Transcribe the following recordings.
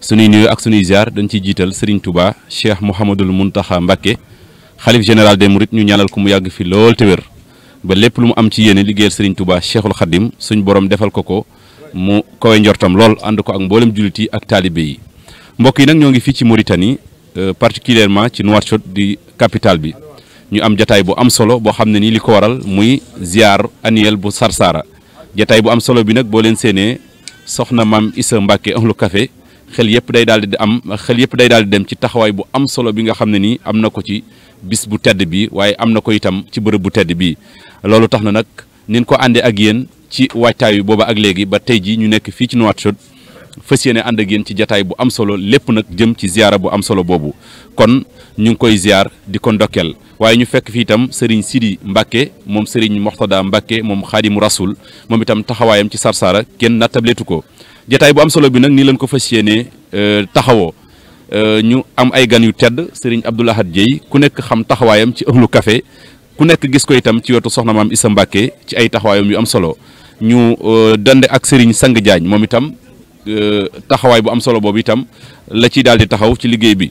sunuy nuyoo ak sunuy ziar dañ ciy jiital Serigne Touba Cheikh Mouhamadul Mountakha Mbacké xalif général des Mourides ñu ñaanal ko mu yàgg fi lool te ba lépp lu mu am ci yéene liggéeyal Serigne Touba Cheikhul Khadim suñ borom defal ko ko mu kowe njortam lool ànd ko ak mboolem jullit yi ak taalibe yi mbokk yi nag ñoo ngi fii ci Mauritanie euh, particulièrement ci Nouakchott di capitale bi ñu am jataay bu am solo boo xam ne nii li ko waral muy ziar annuel bu Sarsara jataay bu am solo bi nag boo leen séenee soxna maam Mbacke ahlu café xel yëpp day daal di am xel yëpp day daal di dem ci taxawaay bu am solo bi nga xam ne nii am na ko ci bis bu tedd bi waaye am na ko itam ci bërëb bu tedd bii loolu tax na nag nin ko àndee ak yéen ci waajtaay wi booba ak léegi ba tey jii ñu nekk fii ci Nouakchott fës yéene ànd ak yéen ci jataay bu am solo lépp nag jëm ci ziyaara bu am solo boobu kon ñu ngi koy ziyaar di ko ndokkeel waaye ñu fekk fii itam sëriñ Sidi Mbacke moom sëriñ Moxtada Mbacke moom xaadimu rasul moom itam taxawaayam ci Sarsara kenn nattableetu ko jataay bu am solo bi nag nii leen ko fas yéenee euh, taxawoo euh, ñu am ay gan yu tedd Serigne Abdou Lahad Dieye ku nekk xam taxawaayam ci ëxlu kafe ku nekk gis ko itam ci wetu soxna maam Issa Mbacke ci ay taxawaayam yu am solo ñu euh, dande ak Serigne Sang Diagne moom itam taxawaay bu am solo boobu itam la ciy daal di taxaw ci liggéey bi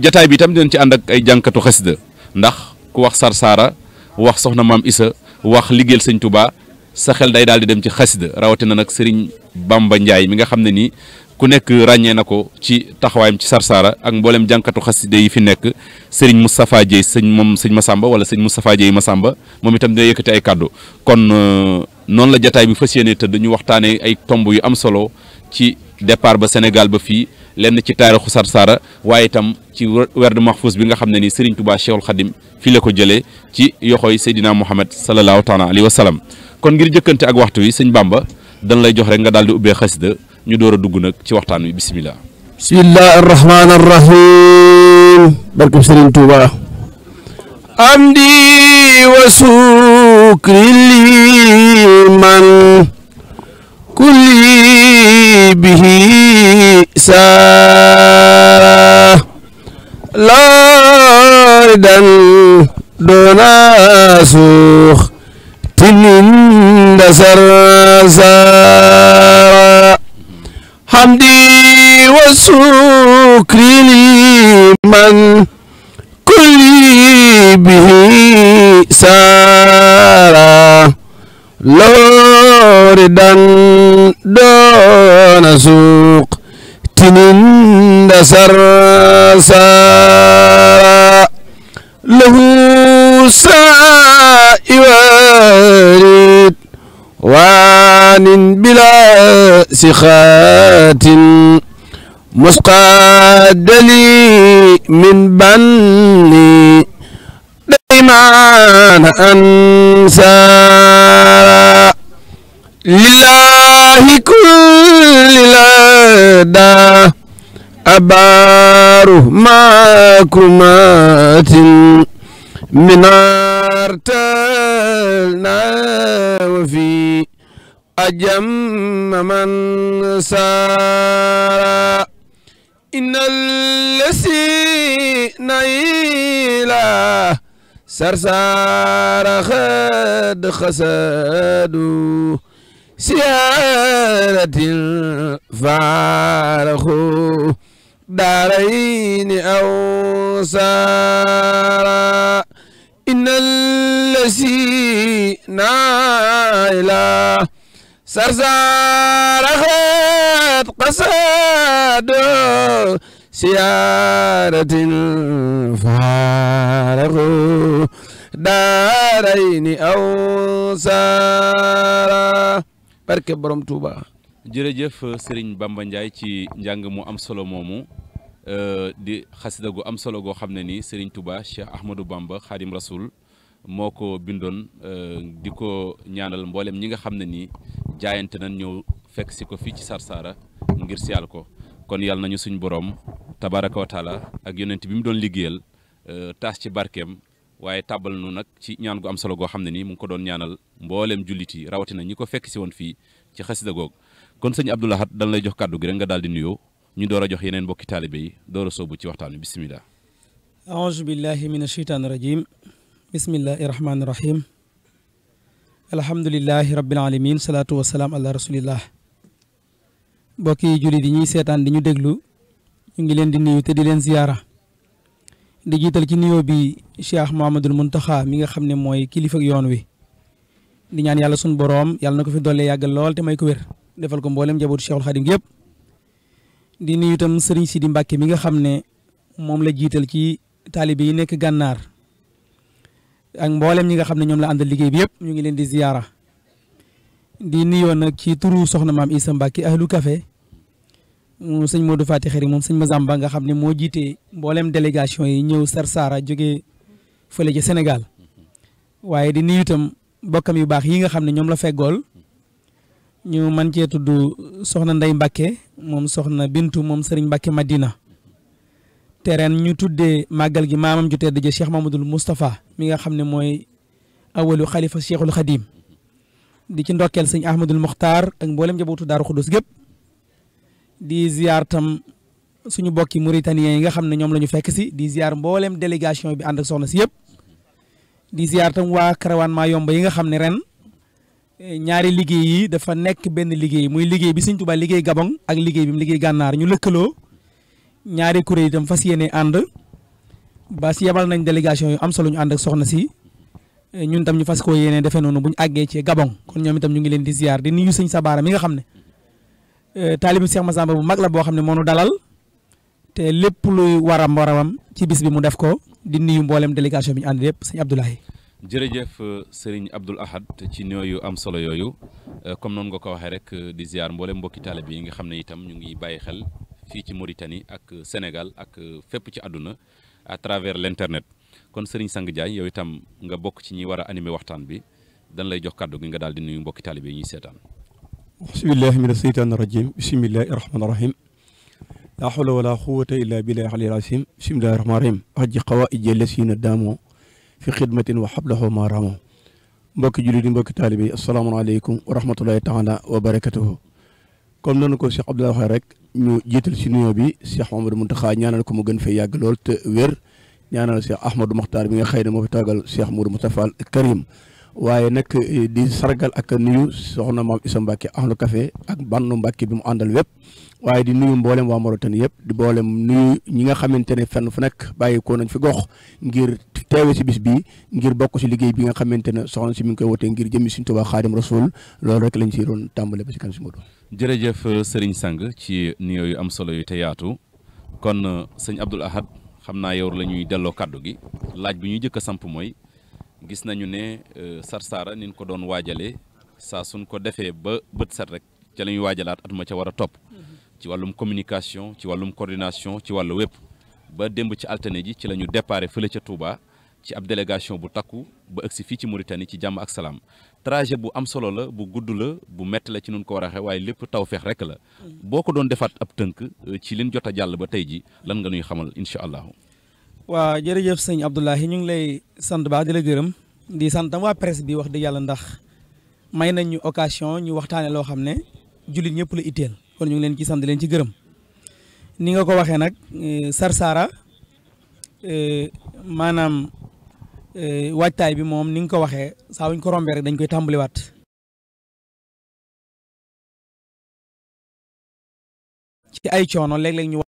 jataay bi itam dinañ ci ànd ak ay jànkatu xasida ndax ku wax Sarsara wax soxna maam Issa wax liggéeyal sëñ Touba. sa xel day daal di dem ci xasida rawatina nag Serigne Bamba Ndiaye mi nga xam ne nii ku nekk ràññee na ko ci taxawaayam ci Sarsara ak mboolem jànkatu xasida yi fi nekk Serigne Moustapha Dieye sëñ moom sëñ Massamba wala sëñ Moustapha Dieye Massamba moom itam dina yëkkati ay kàddu kon. Euh, noonu la jataay bi fas yéene tëdd ñu waxtaanee ay tomb yu am solo ci départ ba Sénégal ba fii lenn ci taarixu Sarsara waaye itam ci werd mahfous bi nga xam ne ni Serigne Touba Cheikhul Khadim fii la ko jëlee ci yoxoy Seydina Mouhamed sallallahu taala alayhi wa salaam kon ngir jëkkante ak waxtu wi sëñ Bamba dañ lay jox rek nga daal di ubbee xasida ñu door a dugg nag ci waxtaan wi bisimilah. bismillahi arrahmani arrahim barkam sëriñ Tuuba amdi wa sukri liman kulli bihi saa laaridan doona suux سرسارا حمدي وسكري لمن كل به سارا لوردا دون سوق تنند سرسارا له سائر بلا سخات مسقاد لي من بني ديمان أنسى لله كل لدى أباره ماكمات من ارتلنا وفي أجم من سار إن الذي نيلا سرسار خد خسد سيارة فارخ دارين أو سار إن الذي نيلا سرزار أخوات قصاد سيارة فارغ دارين أو barke borom Touba jërëjëf Serigne Bamba Ndiaye ci njàng mu am solo moomu euh, di xasida gu am solo goo xam ne nii Serigne Touba Cheikh Ahmadou Bamba Khadim Rasoul moo ko bindoon euh, di ko ñaanal mboolem ñi nga xam ne nii jaayante nañ ñëw fekk si ko fii ci Sarsara ngir siyaal ko kon yàlla nañu suñ borom tabaraka wa ak yonent bi mu doon liggéeyal euh, taas ci barkeem waaye tàbbal nu nag ci ñaan gu am solo goo xam ne nii mu ngi ko doon ñaanal mbooleem jullit yi rawatina ñi ko fekk si woon fii ci xasida goog kon sëñ Abdou Lahad dañ lay jox kàddu gi rek nga daal di nuyoo ñu door a jox yeneen mbokki taalibe yi door a soobu ci waxtaan wi bisimilah. aouzu billahi min asheytaani rajim alhamdulilahi rabbil alamin salaatu wasalaam ala rasulillah mbokk yi di ñuy seetaan di ñu déglu ñu ngi leen di nuyu te di leen ziyaara di jiital ci nuyoo bi cheikh mahamadul muntaxa mi nga xam ne mooy yoon wi di yàlla sun boroom yàlla na ko fi dollee yàggal lool te may ko wér defal ko mboolem njabootu cheikhul xadim yëpp di nuyu itam sëriñ Sidi mi nga xam ne moom la jiital ci taalibe yi nekk gànnaar ak mbooleem ñi nga xam ne ñoom la a liggéey bi yëpp ñu ngi leen di ziyaara di nuyoo nag ci turu soxna maam Issa Mbacke ahlu café mu sëñ Modou Fati Xari moom sëñ Mazamba nga xam ne moo jiite mboolem délégation yi ñëw saara jóge fële ca Sénégal waaye di nuyu itam bokkam yu baax yi nga xam ne ñoom la feggool ñu man cee tudd soxna Ndey Mbacke moom soxna Bintu moom sëriñ Mbacke Madina te ren ñu tuddee màggal gi maamam ju tedd ja Cheikh Mamadul Moustapha mi nga xam ne mooy awalu xalifa Cheikhul Xadim di ci ndokkeel sëñ Ahmadul Mokhtar ak mboolem njabootu Daaru Xudus gépp tam suñu bokki Mauritaniens yi nga xam ne ñoom la ñu fekk si di ziar mbooleem délégation bi ànd ak soxna si yëpp di ziar tam waa Karawaan maa yomba yi nga xam ne ren eh, ñaari liggéey yi dafa nekk benn liggéey muy liggéey bi sëñ Tuubaa liggéey Gabon ak liggéey bi mu liggéey gànnaar ñu lëkkaloo. ñaari kuréel tam fas yéene ànd ba si yebal nañ délégation yu am solo ñu ànd ak soxna si ñun tam ñu fas koo yéene defee noonu bu ñu àggee ci Gabon kon ñoom itam ñu ngi leen di ziar di nuyu sëñ Sabara mi nga xam ne eh, taalibu Cheikh Massamba bu mag la boo xam ne moo nu dalal te lépp luy waram waramam ci bis bi mu def ko di nuyu mboolem délégation bi ñu ànd yëpp sëñ Abdoulaye. jërëjëf eh, sëriñ Abdoul Ahad ci nooyu am solo yooyu eh, comme noonu nga ko waxee rek di ziar mboolem mbokki taalib yi nga xam ne itam ñu ngi bàyyi xel fii ci Mauritanie ak Sénégal ak fépp ci àdduna à travers l' internet kon Serigne Sang Diagne yow itam nga bokk ci ñi war a waxtaan bi dan lay jox kàddu gi nga daal di nuyu mbokki taalibe yi ñuy seetaan bismillahi mina seytaani rajim bismillahi rahmaani rahim laa xawla wala quwata illa billahi alil asim bismillahi rahmaani rahim aji xawa ijële daamoo fi xidmatin wa xablaho ma ramo mbokki julli di mbokki taalibe yi asalaamaaleykum wa rahmatullahi taala wa barakatuhu comme noonu ko Cheikh Abdoulaye waxee rek ñu jiital si nuyoo bi Cheikh mun Mountakha ñaanal ko mu gën fee yàgg lool te wér ñaanal Cheikh Ahmadou Mokhtar bi nga xëy ne moo fi toogal mu Moudou Moustapha Karim waaye nag eh, di sargal ak nuyu soxna maam Issa Mbacke ahlu café ak bannu Mbacke bi mu àndal wépp waaye di nuyu mboolem waa Mauritanie yëpp di mboolem nuyu ñi nga xamante ne fenn fu nekk bàyyikoo nañ fi gox ngir teewe si bis bi ngir bokk si liggéey bi nga xamante ne soxna si mi ngi koy wootee ngir jëmmi Sëriñ Tuubaa Xaadim Rasuul loolu rek lañ si doon tàmbale ba si kan si Modou. jërëjëf euh, Serigne Sang ci nuyoo yu am solo yu te yaatu kon euh, sëñ Abdoul xam naa yow la delloo kàddu gi laaj bi ñuy jëkk a samp mooy gis nañu ne euh, Sarsara ni ñu ko doon waajalee saa suñ ko defee ba bët set rek ca la ñuy waajalaat at ma ca war a topp. ci wàllum communication ci wàllum coordination ci wàllu wépp ba démb ci altine ji ci la ñu déparé fële ca Touba ci ab délégation bu takku ba agsi fii ci Mauritanie ci jàmm ak salaam trajet bu am solo la bu gudd la bu metti la ci nun ko war a waxee waaye lépp taw feex rek la mm. boo ko doon defaat ab tënk euh, ci liñ jot a jàll ba tey ji lan nga nuy xamal incha allahu waaw jërëjëf sëñ Abdoulahi ñu ngi lay sant baax di la gërëm di sant tam waa presse bi wax dëgg yàlla ndax may nañ ñu occasion ñu waxtaane loo xam ne jullit ñëpp la itteel kon ñu ngi leen ci sant leen ci gërëm ni nga ko waxee nag e, Sarsara e, maanaam e, waajtaay bi moom ni nga ko waxee saa wuñ ko rombee rek dañ koy tàmbaliwaat. ci ay coono léeg-léeg ñu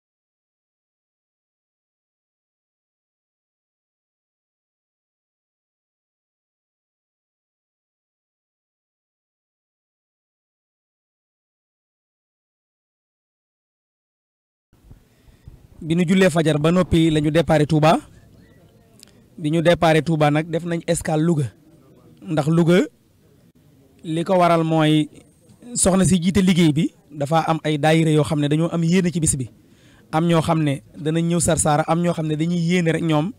bi ñu jullee fajar ba noppi lañu ñu déparé Touba bi ñu déparé Touba nag def nañ escale Louga ndax Louga li ko waral mooy soxna si jiite liggéey bi dafa am ay daayira yoo xam ne dañoo am yéene ci bis bi am ñoo xam ne danañ ñëw Sarsara am ñoo xam ne dañuy yéene rek ñoom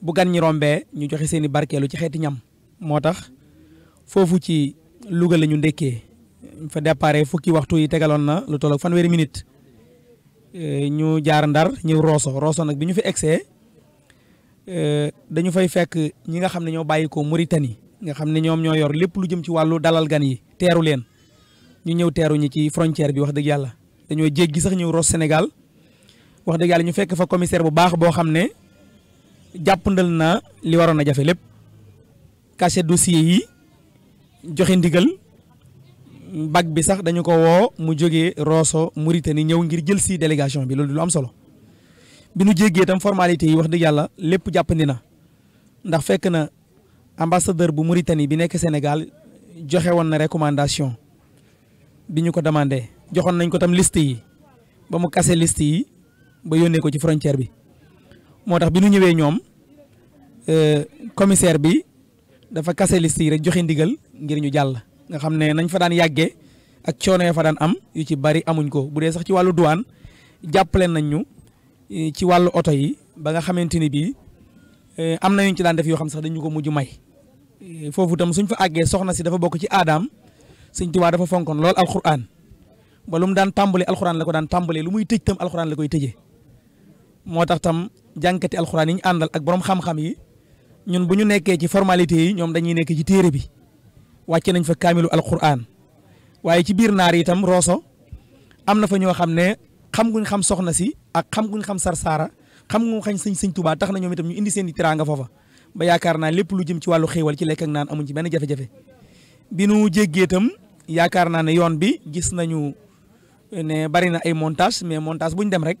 bu gan ñi rombee ñu joxe seen i barkeelu ci xeeti ñam moo tax foofu ci Louga lañu ndekkee fa déparé fukki waxtu yi tegaloon na lu toll ak fanweeri minute Eh, ñu jaar ndar ñëw Rosso Rosso nag bi ñu fi egsee eh, dañu fay fekk ñi nga xam ne ñoo bàyyi ko Mauritanie nga xam ne ñoom ñoo yor lépp lu jëm ci wàllu dalal gan yi teeru leen ñu ñëw teeru ñi ci frontière bi wax dëgg yàlla dañoo jéggi sax ñëw Rosso Sénégal wax dëgg yàlla ñu fekk fa commissaire bu baax boo xam ne jàppandal na li waroon a jafe lépp cachet dossier yi joxe ndigal bac bi sax dañu ko woo mu jógee Rosso Mauritanie ñëw ngir jël si délégation bi loolu lu am solo bi nu jéggee tam formalité yi wax dëgg yàlla lépp jàppandi na ndax fekk na ambassadeur bu Mauritanie bi nekk senegal joxe woon na recommandation bi ñu ko demandé joxoon nañ ko tam list yi ba mu kase list yi ba yónnee ko ci frontière bi moo tax bi nu ñëwee ñoom euh, commissaire bi dafa kase liste yi rek joxe ndigal ngir ñu jàll. nga xam ne nañ fa daan yàggee ak coono ya fa daan am yu ci bari amuñ ko bu dee sax ci wàllu douane jàppale nañ ñu eh, ci wàllu oto yi ba nga xamante ni bii eh, am na ñu ci daan def yoo xam sax dañu ko mujj may. Eh, foofu tam suñ fa àggee soxna si dafa bokk ci aadaam sëñ Tuubaa dafa fonkoon lool alxuraan ba lu mu daan tàmbalee alxuraan la ko daan tàmbalee lu muy tëj tam alxuraan la koy tëjee moo tax tam jànkati alxuraan yi ñu àndal ak borom xam yi ñun bu ñu nekkee ci formalité yi ñoom dañuy nekk ci téere bi. wàcce nañ fa kaamilu alquran waaye ci biir naar itam Rosso am na fa ñoo xam ne xam guñ xam soxna si ak xam guñ xam sarsaara xam guñ xam sëñ sëñ Tuubaa tax na ñoom itam ñu indi seen di teraanga foofa ba yaakaar naa lépp lu jëm ci wàllu xéewal ci lekk ak naan amuñ ci benn jafe-jafe bi nu jéggee tam yaakaar naa ne yoon bi gis nañu eh, ne bari na ay montage mais montage bu ñu dem rek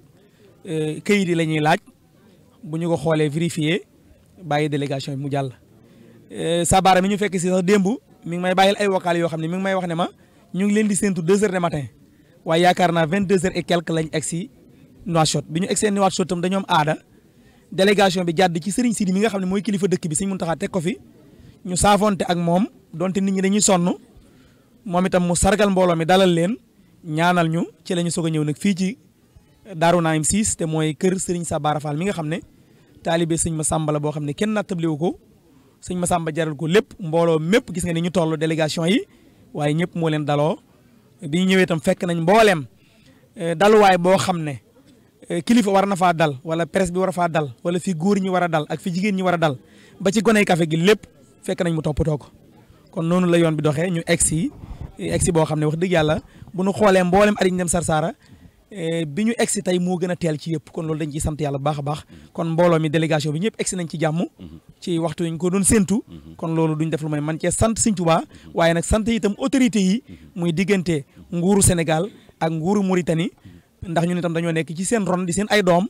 eh, kayit yi la ñuy laaj bu ñu ko xoolee vérifier bàyyi délégation bi mu jàll. Eh, Sabara mi ñu fekk si sax démb mi ngi may bàyyil ay vocal yoo xam ne mi ngi may wax ne ma ñu ngi leen di séntu deux heures du matin waaye yaakaar naa vingt deux heures et quelque lañ egg si Nouakchott bi ñu egg seen Nouakchott tam dañoo am aada délégation bi jàdd ci Serigne Sidi mi nga xam ne mooy kilifa dëkk bi Serigne Mountakha teg ko fi ñu saafonte ak moom donte nit ñi dañuy sonn moom itam mu sargal mbooloo mi dalal leen ñaanal ñu ci la ñu soog a ñëw nag fii ci Daaru Naim 6 te mooy kër Serigne Sabara Fall mi nga xam ne taalibe Serigne Massamba la boo xam ne kenn nattabliwu ko sëñ Massamba jaral ko lépp mbooloo mépp gis nga ni ñu tollu délégation yi waaye ñëpp moo leen daloo bi ñu ñëwee tam fekk nañ mbooleem eh, daluwaay boo xam ne eh, kilifa war na faa dal wala presse bi war a faa dal wala fi góor ñi war a dal ak fi jigéen ñi war a dal ba ci goney kafe gi lépp fekk nañ mu toppatoo ko kon noonu la yoon bi doxee ñu egg si egg si boo xam ne wax dëgg yàlla bu nu xoolee mboolem at yi ñu dem Sarsara Eh, bi ñu egsi tey moo gën a teel ci yëpp kon loolu dañ ciy sant yàlla bu baax a baax mm-hmm. kon mbooloo mi délégation bi ñëpp egsi nañ ci jàmm mm-hmm. ci waxtu ñu ko doon séentu mm-hmm. kon loolu duñ def lu may man cee sant Sëñ Tuubaa waaye nag sant itam autorité yi muy diggante nguuru Sénégal ak nguuru Mauritanie ndax ñun itam dañoo nekk ci seen ron di seen ay doom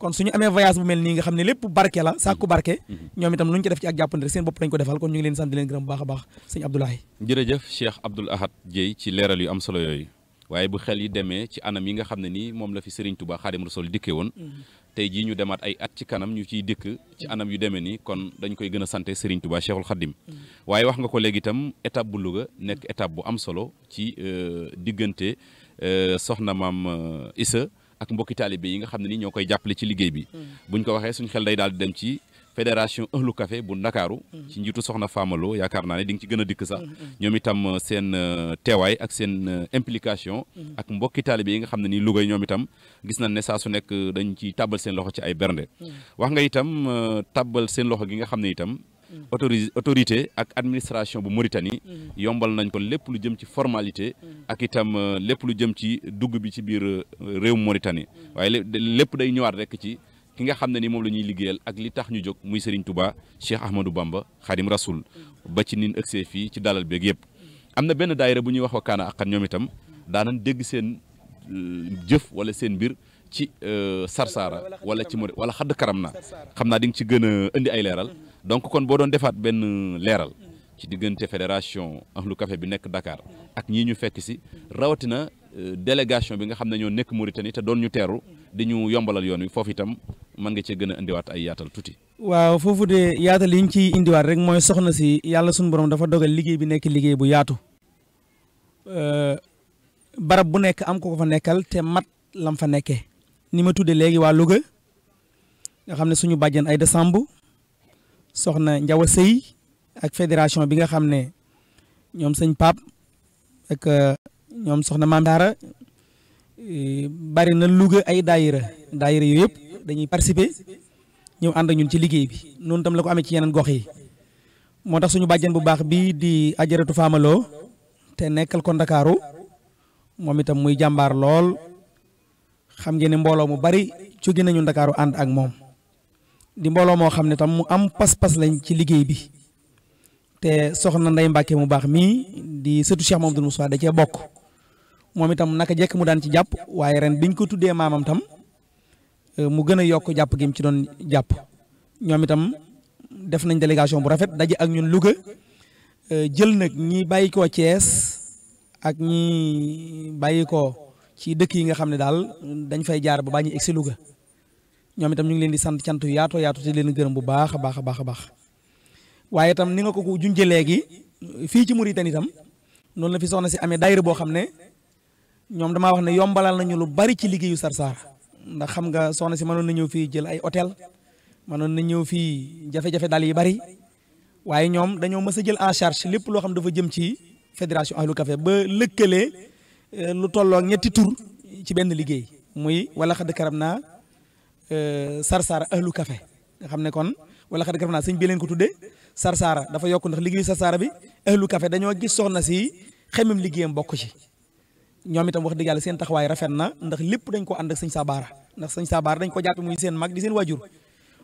kon suñu amee voyage bu mel nii nga xam ne lépp barke la sàkku barke ñoom itam lu ñu ci def ci ak jàppandi rek seen bopp lañ ko defal kon ñu leen sant di leen gërëm bu baax a baax sëñ Abdoulaye jërëjëf Cheikh Abdoul Ahad Dieye ci leeral yu am solo yooyu waaye bu xel yi demee ci anam yi nga xam ne nii moom la fi Serigne Touba Xaadim Rasul dikke woon mm-hmm. tey ji ñu demaat ay at ci kanam ñu ciy dikk ci anam yu demee ni kon dañ koy gën a sant Serigne Touba Cheikhul Khadim mm-hmm. waaye wax nga ko léegi itam étape bu Louga nekk étape bu am solo ci euh, diggante euh, soxna maam euh, Issa ak mbokki taalibe yi nga xam ne ni ñoo koy jàppale ci liggéey bi mm-hmm. buñ ko waxee suñ xel day daal dem ci fédération ëxlu café bu ndakaaru mm-hmm. ci njiitu soxna Faamalo yaakaar naa ne di nga ci gën a dikk sax mm-hmm. ñoom itam euh, seen euh, teewaay ak seen euh, implication mm-hmm. ak mbokki taalibe yi nga xam ne nii Louga ñoom itam gis nañ ne saa su nekk dañ ci tàbbal seen loxo ci ay bernde wax nga itam tàbbal seen loxo gi nga xam ne itam autoris autorité ak administration bu Mauritanie yombal nañ ko lépp lu jëm ci formalité ak itam lépp lu jëm ci dugg bi ci biir réew Mauritanie waaye lépp day ñëwaat rek ci ki nga xam ne ni moom la ñuy liggéeyal ak li tax ñu jóg muy Serigne Touba Cheikh Ahmadou Bamba Khadim rasul ba ci nin ëgsee fii ci dalal beeg yëpp am na benn daayira bu ñuy wax wa kaana ak ñoom itam daanañ dégg seen euh, jëf wala seen mbir ci euh, Sarsara wala ci Mor wala xadd karam na xam naa di nga ci gën a indi ay leeral donc kon boo doon defaat benn euh, leeral ci diggante fédération lu kafe bi nekk Dakar ak ñii ñu fekk si rawatina délégation bi nga xam ne ñoo nekk Mauritanie te doon ñu teeru di ñu yombalal yoon wi foofu itam mën nga cee gën a indiwaat ay yaatal tuuti. waaw foofu de yaatal yi ñu ciy indiwaat rek mooy soxna si yàlla suñu borom dafa dogal liggéey bi nekk liggéey bu yaatu euh, barab bu nekk am ko ko fa nekkal te mat lam fa nekkee. ni ma tuddee léegi waa Louga nga xam ne suñu bàjjen ay décembre soxna Njawa Sëy ak fédération bi nga xam ne ñoom sëñ Pape ak euh, ñoom soxna Maam Daara bari na Louga ay daayira daayira yooyu yëpp dañuy participer ñëw ànd ak ci liggéey bi noonu tam la ko amee ci yeneen gox yi moo tax suñu bàjjen bu baax bii di ajaratu faamaloo te nekkal ko Ndakaaru moom itam muy jàmbaar lool xam ngeen ne mbooloo mu bari jóge nañu Ndakaaru ànd ak moom di mbooloo moo xam ne tam mu am pas-pas lañ ci liggéey bi te soxna Ndey Mbàkke mu baax mii di sëtu Cheikh Mamadou Moussa da cee bokk moom itam naka jekk mu daan ci jàpp waaye ren biñ ko tuddee maamam tam euh, mu gën a yokk jàpp gi mu ci doon jàpp ñoom itam def nañ délégation bu rafet daje ak ñun Louga euh, jël nag ñi bàyyi koo Thiès ak ñi ci dëkk yi nga xam ne daal dañ fay jaar ba bàññi egsi Louga ñoom itam ñu ngi leen di sant cant yaato yaatoo yaatu te leen gërëm bu baax a baax a baax a baax waaye tam ni nga ko junjee léegi fii ci Mauritanie itam noonu la fi soxna si amee daayira boo xam ne ñoom damaa wax ne yombalaal nañu lu bari ci liggéeyu Sarsara ndax xam nga soxna si mënoon na ñëw fii jël ay hôtel mënoon na ñëw fii jafe-jafe daal yi bari waaye ñoom dañoo mës a jël en charge lépp loo xam dafa jëm ci fédération ahlu kafe ba lëkkalee euh, lu tolloo ñetti tur ci benn liggéey muy wala xadd karam naa euh, Sarsara ahlu café nga xam ne kon wala xadd karam naa sëñ bi leen ko tuddee Sarsara dafa yokk ndax liggéeyu Sarsara bi ahlu kafe dañoo gis soxna si xemem liggéeyam bokk ci ñoom itam wax dëgg yàlla seen taxawaay rafet na ndax lépp dañ ko ànd ak sëñ Sabaara ndax sëñ Sabaara dañ ko jàppe muy seen mag di seen waajur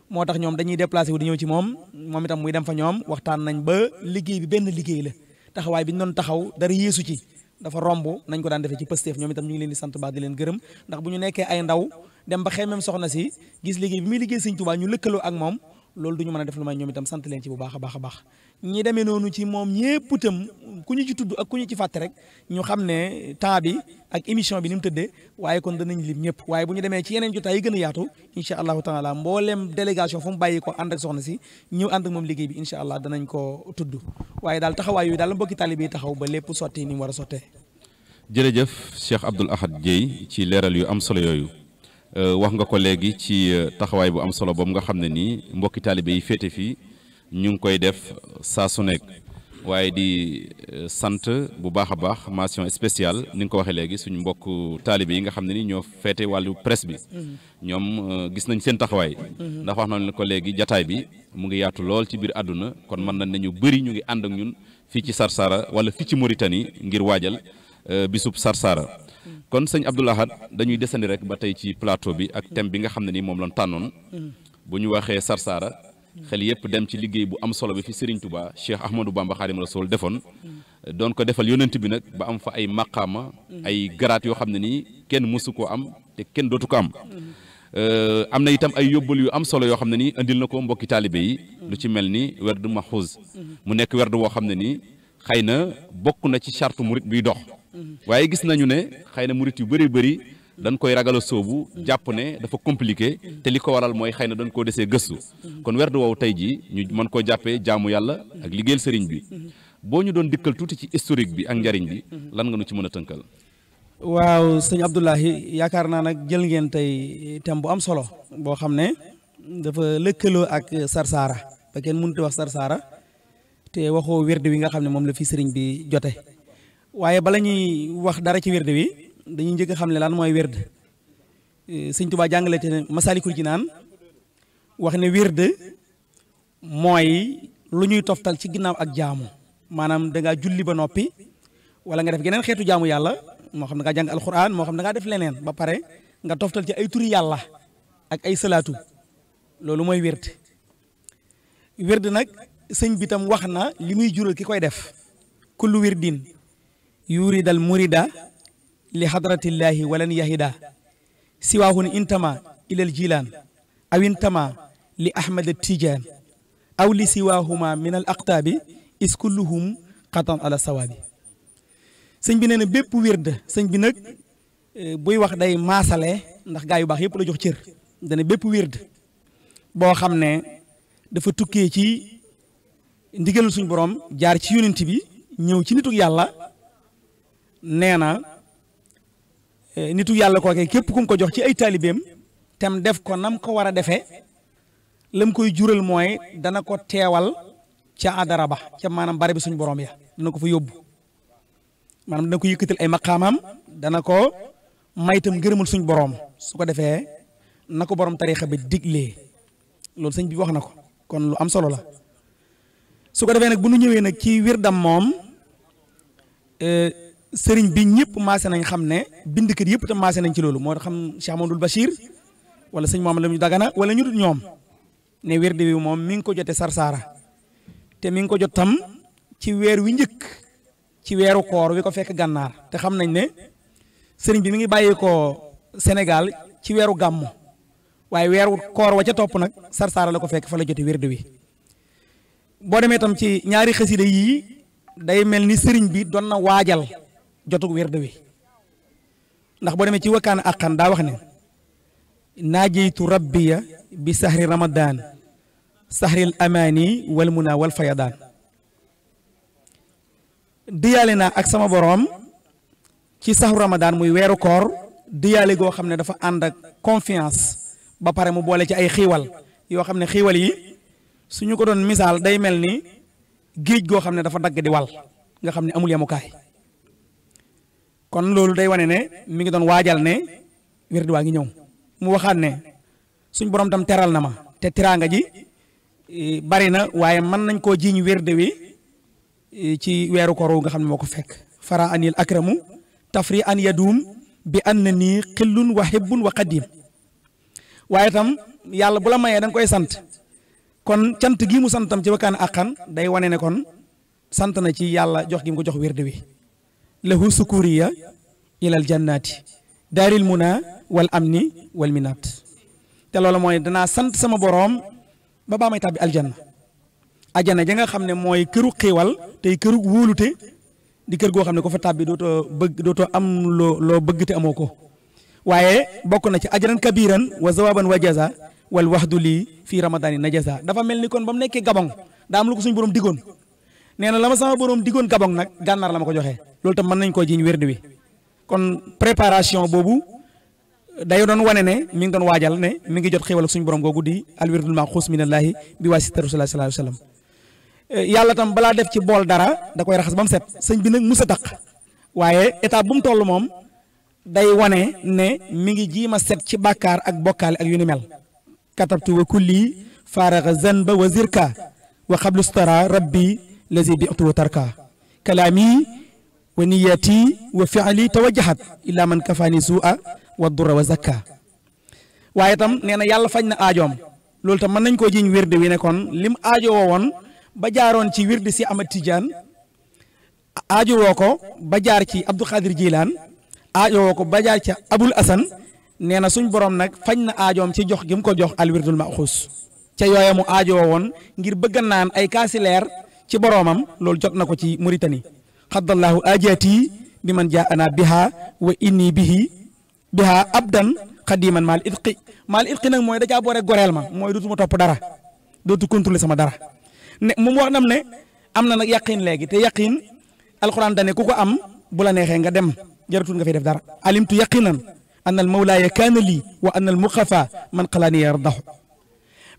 moo tax ñoom dañuy déplacé wu ñëw ci moom moom itam muy fa ñoom waxtaan nañ ba liggéey bi benn liggéey la taxawaay bi ñu doon taxaw dara yeesu ci dafa romb nañ ko daan defee ci pësteef ñoom itam ñu ngi leen di sant baax di leen gërëm ndax bu ñu nekkee ay ndaw dem ba xeemem soxna si gis liggéey bi muy liggéey sëñ Tuubaa ñu lëkkaloo ak moom loolu du ñu mën a def lu may ñoom itam sant leen ci bu baax a baax a baax ñi demee noonu ci moom ñëpp itam ku ñu ci tudd ak ku ñu ci fàtte rek ñu xam ne temps bi ak émission bi ni mu tëddee waaye kon danañ lim ñëpp waaye bu ñu demee ci yeneen jotaay yi gën a yaatu incha allahu taala mboolem délégation fu mu bàyyi ko ànd ak soxna si ñëw ànd ak moom liggéey bi incha allah danañ ko tudd waaye daal taxawaay yooyu daal mbokki taalibe yi taxaw ba lépp sotti ni war a sottee. jërëjëf Cheikh Abdoul Ahad Dieye ci leeral yu am solo yooyu. Euh, wax nga ko léegi ci euh, taxawaay bu am solo boobu nga xam ne nii mbokki taalibe yi féete fii ñu ngi koy def saa su nekk waaye di euh, sant bu baax a baax mention spéciale ni nga ko waxee léegi suñu mbokk taalibe yi nga xam ne ni ñoo féete wàllu presse bi mm-hmm. ñoom gis nañ seen taxawaay mm-hmm. ndax wax nañ ko léegi jataay bi mu ngi yaatu lool ci biir àdduna kon mën nañ ne ñu bëri ñu ngi ànd ak ñun fii ci Sarsara wala fii ci Mauritanie ngir waajal bisub Sarsara kon sëñ Abdoul Ahad dañuy desandi rek ba tey ci plateau bi ak thème bi nga xam ne ni moom lañ tànnoon bu ñu waxee Sarsara xel yëpp dem ci liggéey bu am solo bi fi Serigne Touba Cheikh Ahmadou Bamba Khadim Rasoul defoon doon ko defal yonent bi nag ba am fa ay maqaama ay garaat yoo xam ne nii kenn mësu koo am te kenn dootu ko am euh, am na itam ay yóbbal yu am solo yoo xam ne nii indil na ko mbokki taalibe yi lu ci mel ni werdu maxuus mu nekk werdu woo xam ne nii xëy na bokk na ci charte murit biy dox waaye gis nañu ne xëy na murit yu bëree bëri dañ koy ragala soobu jàpp ne dafa compliqué te li ko waral mooy xëy na dañ koo desee gëstu kon werdu woowu tey jii ñu mën koo jàppee jaamu yàlla ak liggéeyal sëriñ bi boo ñu doon dikkal tuuti ci historique bi ak njariñ bi lan nga nu ci mën a tënkal. waaw sëñ Abdoulahi yaakaar naa nag jël ngeen tey thème bu am solo boo xam ne dafa lëkkaloo ak Sarsara ba kenn mënut wax Sarsara te waxoo werd wi nga xam ne moom la fi sëriñ bi jote waaye bala ñuy wax dara ci wérde wi dañuy njëkk a xam ne lan mooy wérde eh, sëñ Tuubaa jàngale te ci naan wax ne wird mooy lu ñuy toftal ci ginnaaw ak jaamu maanaam dangaa julli ba noppi wala nga def geneen xeetu jaamu yàlla moo xam da ngaa jàng alxuraan moo xam da ngaa def leneen ba pare nga toftal ci ay turi yàlla ak ay sëlaatu loolu mooy wérd wird nag sëñ bi tam wax na li muy jural ki koy def kullu wirdin yuridal murida li hadratillahi walan yahida siwahun intama ilal jilan aw intama li ahmad tijan aw li siwahuma min al aqtaabi is kulluhum xatan ala sawaabi sëñ bi na bépp wird sëñ bi e, wax day maasale ndax gaa yu baax yëpp la jox cër dana bépp wird boo xam ne dafa tukkee ci ndigalul suñ borom jaar ci yonent bi ñëw ci nituk yàlla nee na eh, nitu yàlla kookee képp kum ko jox ci ay taalibeem tam def ko nam ko war a defee lam koy jural mooy dana ko teewal ca adara ba ca maanaam bare bi suñ boroom ya dana ko fa yóbbu maanaam dana ko yëkkatal ay maqaamam dana ko maytam ngërëmal suñ boroom su ko defee na ko borom tariixa bi loolu sëñ bi wax na ko kon lu am solo la su nag bu nu ñëwee nag ci wirdam moom eh, sëriñ bi ñëpp maase nañ xam ne bind bindkat yëpp tam maase nañ ci loolu moo xam Cheikh Amadou Bachir wala sëñ Mohamed Lamine Dagana wala ñu dul ñoom ne wér de moom mi ngi ko jote Sarsara te mi ngi ko jot tam ci weer wi njëkk ci weeru koor wi ko fekk gànnaar te xam nañ ne sëriñ bi mi ngi bàyyi ko Sénégal ci weeru gàmmu waaye weeru koor wa ca topp nag Sarsara la ko fekk fa la jote wér wi boo demee tam ci ñaari xasida yii day mel ni sëriñ bi doon na waajal. jotug wird wi ndax boo demee ci wakkaan àqan daa wax ne naajeytu rabbiya bi sahri ramadan sahril amaani wal muna wal fayadaan diyaale naa ak sama boroom ci saxru ramadan muy weeru koor diyaale goo xam ne dafa ànd ak confiance ba pare mu boole ci ay xiiwal yoo xam ne xiiwal yi suñu ko doon misaal day mel ni géej goo xam ne dafa dagg di wal nga xam ne amul yemukaay kon loolu day wane ne mi ngi doon waajal ne wérd waa ngi ñëw mu waxaat ne suñ borom tam teral na ma te teraanga ji e, bari na waaye mën nañ koo jiiñ wérd wi e, ci weeru koor wu nga xam ne moo ko fekk fara anil akramu tafri an yaduum bi an na nii xillun wa hibbun wa qadim waaye tam yàlla bu la mayee da koy sant kon cant gii mu santam ci wakkaan àqan day wane ne kon sant na ci yàlla jox gi mu ko jox wérd wi lahu sukuriya ilal jannaati daaril muna wal amni wal minaat te loolu mooy danaa sant sama boroom ba baa may tàbbi aljanna aljanna ja nga xam ne mooy këru xiiwal tey këru wóolute di kër goo xam ne ko fa tàbbi dootoo bëgg am loo bëgg te amoo ko waaye bokk na ci ajran kabiran wa zawaban wa jaza wal waxdu lii fii ramadaani najaza dafa mel ni kon ba mu nekkee gabon daa am lu ko suñu borom digoon nee na la ma sama borom digoon gabon nag gànnaar la ma ko joxee loolu tam mën nañ koo jiñ wérd wi kon préparation boobu day doon wane ne mi ngi doon waajal ne mi ngi jot xéwal ak suñu borom googu di alwirdul maxuus minallahi bi waasitati rasulillah sallallahu alayhi wa sallam eh, yàlla tam balaa def ci bool dara da koy raxas ba mu set sëñ bi nag musa taq waaye étape bu mu toll moom day wane ne mi ngi jiima set ci bakkaar ak bokkaale ak yu ni mel katabtu wa kulli faaraga zanba wa zirka wa xablustara rabbi bi bi'tu wa tarka kalaami wa niyaati wa fi'ali tawajjahat illa man kafaani suu'a wa durra wa zakka waaye itam nee na yàlla fañ na aajoom loolu tam mën nañ koo jiñ wirde wi ne kon lim aajo woo woon ba jaaroon ci wirde si Ahmad Tidiane ko ba ci Abdou Khadir Jilaan aajo ko ba ci Abul Asan nee na suñ borom nag fañ na aajoom ci jox gi ko jox al wirdul maxuus ca yooya mu woon ngir bëgga naan ay kaasi ci boroomam loolu jot na ko ci Mauritanie xaddallaahu ajaati bi man jaa ana biha wa inni bihi biha abdan xadiman maal itqi maal itqi nag mooy da caa boore goreel ma mooy dootuma topp dara dootu contrôler sama dara ne moom wax nam ne am na nag yaqin léegi te yaqin alquran dane ku ko am bu la neexee nga dem jaratul nga fay def dara alimtu yaqinan an al mawlaaya kaana lii wa an al muqafa man xalaani yardahu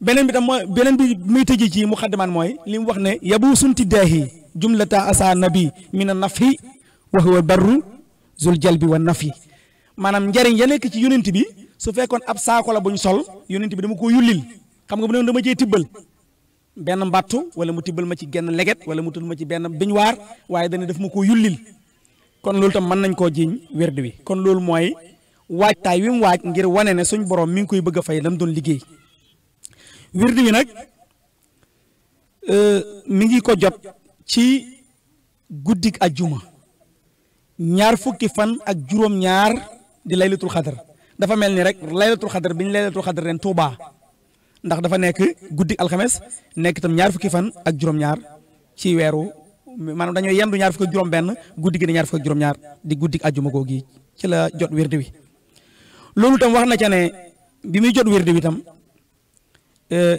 beneen bi tam mooy beneen bi muy tëjee ci muqaddimaan mooy li wax ne yabu sunti daahi jumlata asa nabi mina nafi wa huwa barru zul jalbi wa nafi maanaam njariñ ya nekk ci yonent bi su fekkoon ab saako la bu ñu sol yonent bi dama koo yullil xam nga bu ne dama cee tibbal benn mbàttu wala mu tibbal ma ci genn leget wala mu tibbal ma ci benn biñwaar waaye dana def ma koo yullil kon loolu tam mën nañ koo jiiñ werd wi kon loolu mooy waajtaay wi mu waaj ngir wane ne suñ borom mi ngi koy bëgg a fay lam doon liggéey werd wi nag euh, ngi ko jot ci guddik ajjuma ñaar fukki fan ak juróom-ñaar di laylatul xadar dafa mel ni rek laylatul xadar bi ñu laylatul xadar ren Touba ndax dafa nekk guddik alxames nekk itam ñaar fukki fan ak juróom-ñaar ci weeru maanaam dañuy yendu ñaar fukk ak juróom-benn guddi gi ñaar fukk ak juróom-ñaar di guddik ajjuma googi ci la jot wérdi wi loolu tam wax na ca ne bi muy jot wérdi wi tam eh,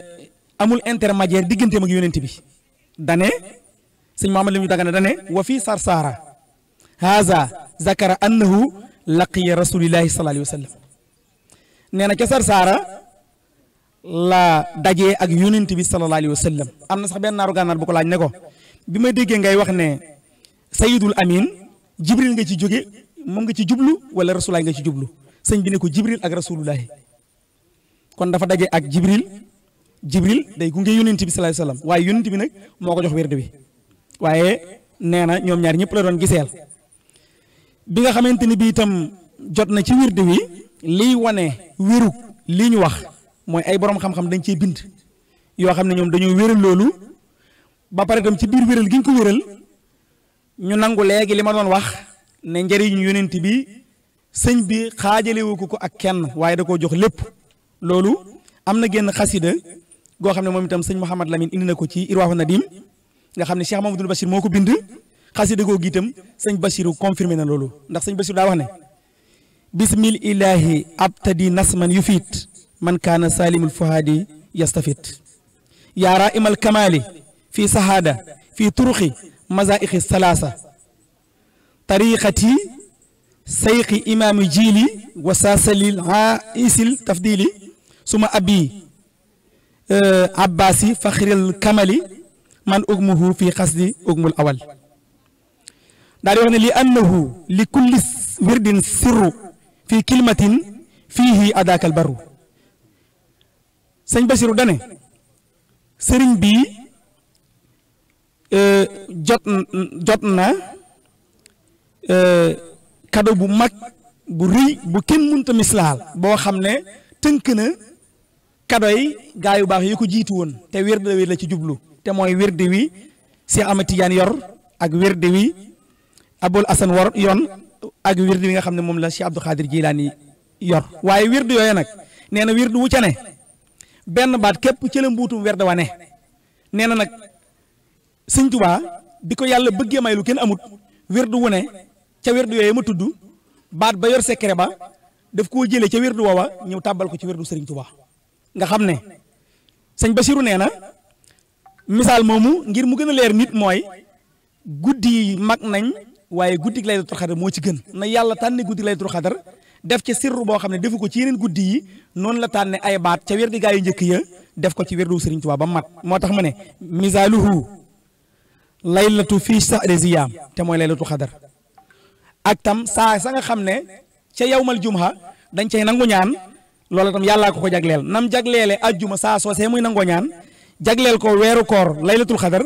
amul intermédiaire digganteem ak yonent bi dane sëñ Muhammad lim ñu dagana dane wa fii sarsaara haza zakara annahu laqiya rasulillahi sallallahu alayhi wa sallam nee na ca sarsaara la dajee ak yonent bi sallallahu alayhi wa sallam am na sax benn naaru gànnaar bu ko laaj ne ko bi ma déggee ngay wax ne sayidul amin jibril nga ci jóge moom nga ci jublu wala rasulaay nga ci jublu sëñ bi ne ko jibril ak rasulullahi kon dafa dajee ak jibril jibril day gunge yonent bi sallallahu alayhi waaye yonent bi nag moo ko jox bi waaye nee na ñoom ñaar ñëpp la doon giseel bi nga xamante ni bi itam jot na ci wird wi liy wane wéru lii ñu wax mooy ay boroom xam-xam dañ cee bind yoo xam ne ñoom dañoo wéral loolu ba pare itam ci biir wéral gi ñu ko wéral ñu nangu léegi li ma doon wax ne njëriñu yonent bi sëñ bi xaajalewu ko ko ak kenn waaye da koo jox lépp loolu am na génn xasida goo xam ne moom itam sëñ Mouhamad Lamine indi na ko ci na Nadim nga xam ne Cheikh Mamadou Bachir moo ko bind xasida googu itam sëñ Bachiru confirmé na loolu ndax sëñ Bachiru daa wax ne bismil ilahi abtadi nasman yufiit man kaana salimul fuhaadi yastafit yaa raimal kamali fi sahaada fi turuqi mazaaiqi salaasa tariqati sayqi imaami jiili wa tafdili suma abi euh, abbasi faxiril kamali man ugmuhu fi xasdi ugmul awal daal di wax ne li annahu li kulli wirdin sirru fi kilmatin fiihi adakal barru sëñ Basiru dane sëriñ bi euh, jot na euh, kado bu mag bu rëy bu kenn mënta mislaal boo xam ne tënk na cadeau yi gaa yu baax yi ko jiitu woon te wér da la ci jublu te mooy wirdi wi Cheikh Ahmed Tidiane yor ak wirdi wi Abul Hasan war yoon ak wirdi wi nga xam ne moom la Cheikh Abdou Khadir Jilani yor waaye wirdi yooyu nag nee na wirdi wu benn baat képp ci la mbuutum werd wa ne nee na nag sëñ Tuubaa bi ko yàlla bëggee may lu kenn amut wirdu wu ca wirdu yooyu ma tudd baat ba yor secret ba def koo jëlee ca wirdu wa ñëw tàbbal ko ci wirdu sëriñ Tuubaa nga xam ne sëñ Basiru nee misaal moomu ngir mu gën a leer nit mooy guddi mag nañ waaye guddi laylatul xadar moo ci gën na yàlla tànne guddi lay tu xadar def ci sirru boo xam ne defu ko ci yeneen guddi yi noonu la tànne ay baat ca werdi gaa yu njëkk ya def ko ci werdu Sëriñ Tuubaa ba mat moo tax ma ne la laylatu fii sahri ziyaam te mooy laylatu xadar ak tam saa sa nga xam ne ca yawmal jumha dañ cay nangu ñaan loola tam yàllaa ko ko jagleel nam jagleele ajjuma saa soosee muy nangoo ñaan jagleel ko weeru koor laylatul xadar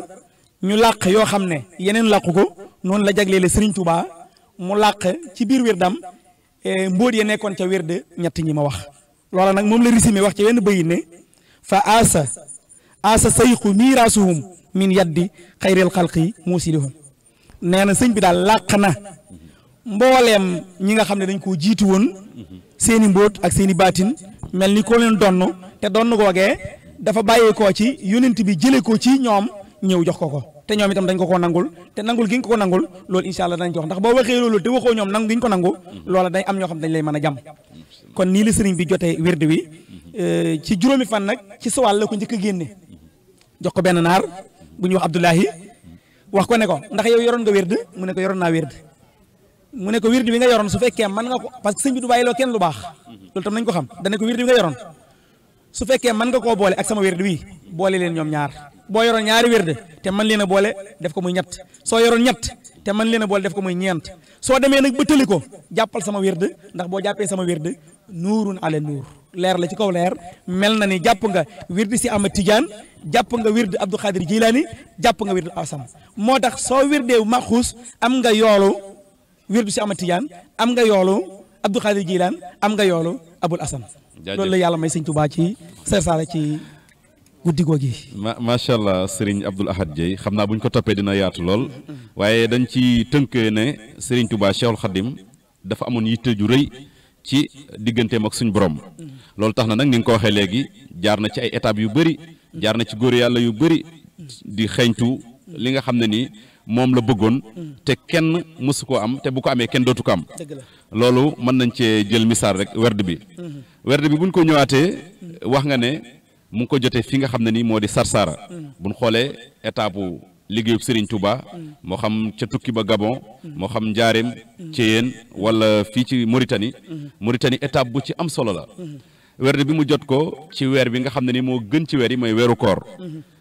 ñu làq yoo xam ne yeneen làqu ko noonu la jagleele sëriñ Touba mu làq ci biir wirdam e, mbóot ya nekkoon ca wirde ñett ñi ma wax loola nag moom la risimi wax ci wenn bëyit ne fa aasa aasa sayxu miiraasuhum min yaddi xayril xalqi muusilihum nee na sëñ bi daal làq na mbooleem ñi nga xam ne dañ koo jiitu woon mhm. seeni mbóot ak seeni baatin mel ni ko leen donn te donn googee dafa bàyyeekoo ci yonent bi jëlee ko ci ñoom ñëw jox ko ko te ñoom itam dañ ko ko nangul te nangul gi nga ko nangul loolu incha allah danañ jox wax ndax boo waxee loolu te waxoo ñoom nangu gi ko nangu loola day am ñoo xam dañ lay mën a jàmm kon nii la sëriñ bi jotee wérd wi ci juróomi fan nag ci sawal la ko njëkk a génne jox ko benn naar bu ñuy wax Abdoulahi wax ko ne ko ndax yow yoroon nga wérd mu ne ko yoroon naa wérd mu ne ko bi nga yoroon su fekkee mën nga ko parce que sëñ bi kenn lu baax loolu tam xam dane ko wérd bi nga yoroon su fekkee mën nga koo boole ak sama wérd wi boole leen ñoom ñaar boo yoroon ñaari wérd te mën leen a boole def ko muy ñett soo yoroon ñett te mën leen a boole def ko muy ñeent soo demee nag ba tëli ko jàppal sama wérd ndax boo jàppee sama wird nuurun ala nuur leer la ci kaw leer mel na ni jàpp nga wird si Ahmad Tidiane jàpp nga wird Abdou Khadir Jilani jàpp nga wird asam moo tax soo wirdee maxuus am nga yoolu wird si Ahmad Tidiane am nga yoolu Abdou Khadir Jilani am nga yoolu Abul Asam loolu la yàlla may sëñ Touba ci Ser Saara ci guddi googu ma macha allah Serigne Abdoul Ahad Dieye xam naa bu ñu ko toppee dina yaatu lool waaye dañ ci tënkee ne Serigne Touba Cheikhul Khadim dafa amoon yitte ju rëy ci digganteem ak suñu borom loolu tax na nag ni nga ko waxee léegi jaar na ci ay étapes yu bëri jaar na ci góor yàlla yu bëri di xeeñtu li nga xam ne nii moom la bëggoon te kenn mësu koo am te bu ko amee kenn dootu ko am loolu mën nañ cee jël misaal rek werd bi. Mm-hmm. werd bi buñ ko ñëwaatee wax nga ne mu ngi ko jotee fi nga xam ne nii moo di Sarsara buñ xoolee étape bu liggéeyub Serigne Touba moo xam ca tukki ba Gabon moo xam njaareem Thiéyène wala fii ci moritani Mauritanie étape bu ci am solo la werde bi mu jot ko ci weer bi nga xam ne ni moo gën ci weer yi mooy weeru koor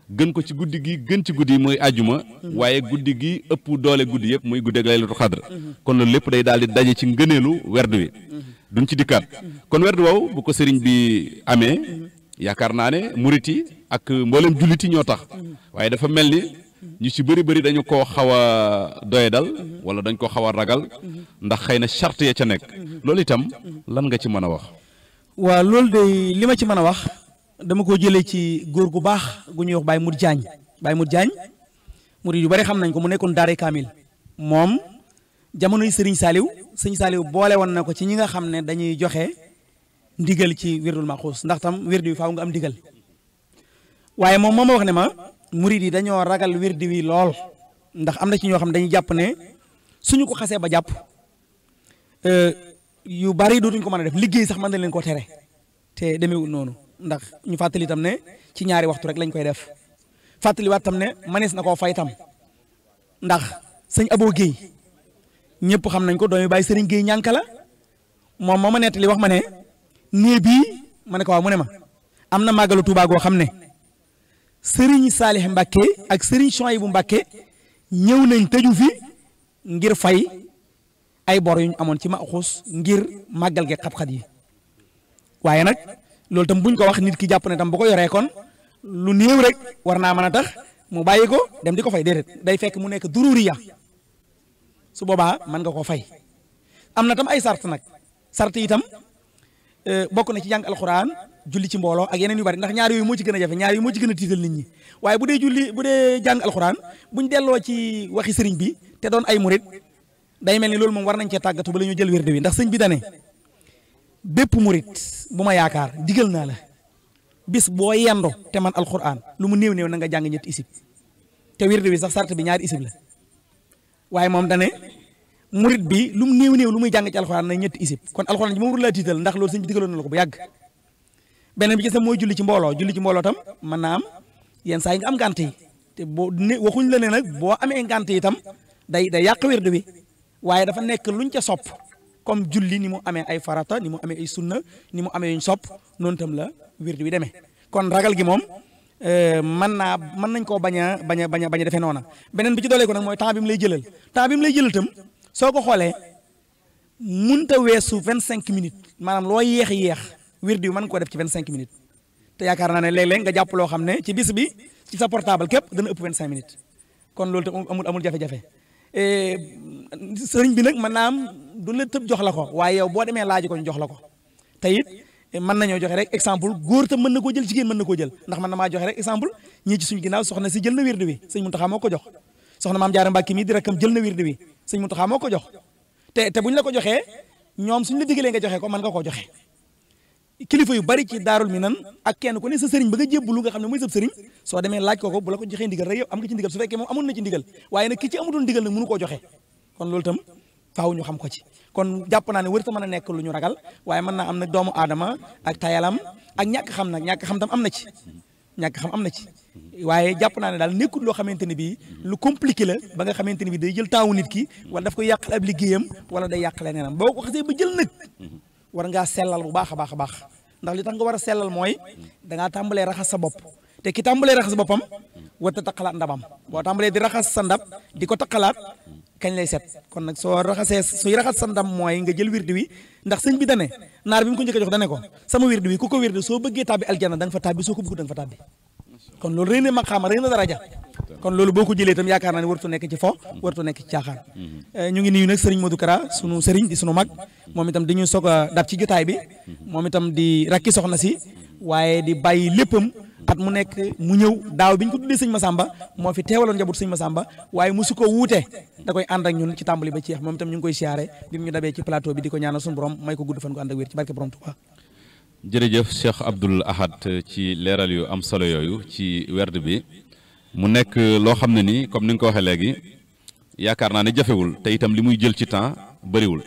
gën ko ci guddi gi gën ci guddi yi mooy ajuma waaye guddi gi ëpp doole guddi yëpp muy guddeeg laylatu xadr kon loolu lépp day daal di daje ci ngëneelu werd wi duñ ci dikkaat kon werd woowu bu ko sëriñ bi amee yaakaar naa ne murit ak mboolem jullit ñoo tax waaye dafa mel ni ñu ci bëri bëri dañu koo xaw a doyadal wala dañ koo xaw a ragal ndax xëy na charte ya ca nekk loolu itam lan nga ci mën a wax. waa loolu de li ma ci mën a wax dama koo jëlee ci góor gu baax gu ñuy wax Baye Mour Diagne Baye Mour Diagne murit yu bëri xam nañ ko mu nekkoon Daare Kamil moom. jamonoy sëriñ saaliw sëriñ saaliw boole woon na ko ci ñi nga xam ne dañuy joxe ndigal ci wirdul maxuus ndax tam wirdi wi faaw nga am ndigal waaye moom moo ma wax ne ma murid yi dañoo ragal di wi lool ndax am na ci ñoo xam ne dañuy jàpp ne suñu ko xasee ba jàpp euh, yu bari dootuñ ko mën a def liggéey sax mën na leen koo tere te demeewul noonu ndax ñu fàttali tam ne ci ñaari waxtu rek lañ koy def fàttaliwaat tam ne manees na koo fay tam ndax sëñ Abo Guèye ñëpp xam nañ ko doomi bàyyi Serigne Gueye ñànka la moom moo ma nettali wax ma ne néeg bii ma ne ko waaw ne ma am na màggalu Touba goo xam ne Serigne Salih Mbacke ak Serigne Souhaïbou mbakke ñëw nañ tëju fi ngir fay ay bor yu amoon ci ma xus ngir màggal ge xat-xat yi waaye nag loolu tam buñ ko wax nit ki jàpp ne tam bu ko yoree kon lu néew rek war naa mën a tax mu bàyyi ko dem di ko fay déedéet day fekk mu nekk dururiya su boobaa mën nga koo fay am na tam ay sart nag sart itam e, bokk na ci jàng alxuraan julli ci mboolo ak yeneen yu bari ndax ñaar yooyu moo ci gën a jafe ñaar yooyu moo ci gën a tiital nit ñi waaye bu dee julli bu dee jàng alxuraan ñu delloo ci waxi sëriñ bi te doon ay murit day mel ni loolu moom war nañ cee tàggatu ba la jël wérde wi ndax sëñ bi dane bépp murit bu ma yaakaar digal naa la bis boo yendo te man alxuraan lu mu néew néew na nga jàng ñetti isib te wérde wi sax sart bi ñaari isib la waaye moom dane murit bi lu mu néew néew lu muy jàng ci alxuraan na ñetti isib kon alxuraan ji moom warul laa tiital ndax loolu sëñ bi digaloon na la ko bu yàgg beneen bi ci sax mooy julli ci mbooloo julli ci mbooloo tam mën naa am yenn saa yi nga am ngànt yi boo ne waxuñ la ne nag boo amee ngànt yi tam day day yàq wérdu bi waaye dafa nekk luñ ca sopp comme julli ni mu amee ay farata ni mu amee ay sunna ni mu amee yuñ sopp noonu tam la wir wérdu bi demee kon ragal gi moom Euh, mën naa mën nañ koo bañ a bañ a bañ a bañ a defee noona beneen bi ci doolee ko nag mooy temps bi mu lay jëlal temps mu lay jëlal itam soo ko xoolee munta weesu vingt cinq minutes maanaam loo yeex yeex wird yu mën koo def ci vingt cinq minutes te yaakaar naa ne léeg-léeg nga jàpp loo xam ne ci bis bi ci sa portable képp dana ëpp vingt cinq minutes kon loolu tam amul amul jafe-jafe euh, sëriñ bi nag mën naa am du la tëb jox la ko waaye yow boo demee laaj ko ñu jox la ko te Eh, mën nañoo joxe rek exemple góor tam mën na koo jël jigéen mën na koo jël ndax man na maa joxe rek exemple ñii ci suñu ginnaaw soxna si jël na wirdu wi sëñ Muntaxa moo ko jox soxna maam Jaara Mbàkke mii di rakkam jël na wirdu wi sëñ Muntaxa moo ko te buñ la ko joxe ñoom suñ la digalee nga joxe ko mën nga koo joxe kilifa yu bari ci daarul minan ak kenn ku ne sa sëriñ ba nga jébbalu nga xam ne mooy sa sëriñ soo demee laaj ko ko ko joxee ndigal rek yow am nga ci ndigal fekkee moom amoon na ci ndigal waaye nag ki ci amutoon ndigal nag mënu faaw ñu xam ko ci kon jàpp naa ne wërta mën a nekk lu ñu ragal waaye mën naa am na doomu aadama ak tayalam ak ñàkk xam nag ñàkk xam tam am na ci ñàkk xam am na ci waaye jàpp naa ne daal nekkul loo xamante ne bii lu compliqué la ba nga xamante ne bii day jël taawu nit ki wala daf koy yàqal ab liggéeyam wala day yàq leneenam boo ko xasee ba jël nag war ngaa sellal bu baax a baax a baax ndax li tax nga war a sellal mooy da ngaa tàmbalee raxas sa bopp te ki tàmbalee raxas boppam warta taqalaat ndabam boo tàmbalee kañ lay set kon nag soo raxasee suy raxas sa ndam mooy nga jël wirdi wi ndax sëñ bi dane naar bi mu ko njëkk a jox dane ko sama wirdi wi ku ko wirdi soo bëggee tàbbi aljana da nga fa tàbbi soo ko bëggu da nga fa tàbbi kon loolu rëy na maqaama rëy na daraja kon loolu boo ko jëlee itam yaakaar naa ne wartu nekk ci fo wartu nekk ci caaxaan eh, ñu ngi nuyu nag sëriñ Modou Kara sunu sëriñ di sunu mag moom itam dañu soog a dab ci jotaay bi moom itam di rakki si waaye di bàyyi léppam at mu nekk mu ñëw daaw bi ñu ko tuddee sëñ Masamba moo fi teewaloon njabootu sëñ Masamba waaye mosu ko wuute da koy ànd ak ñun ci tàmbali ba ci yeex moom itam ñu ngi koy siyaare bi ñu dabee ci plateau bi di ko ko gudd fan ko ànd ak wér ci barke borom Tuubaa ci leeral yu am solo yooyu ci werd bi mu nekk loo xam ne ni comme ni nga ko waxee léegi yaakaar naa ne jafewul te itam li muy jël ci temps bariwul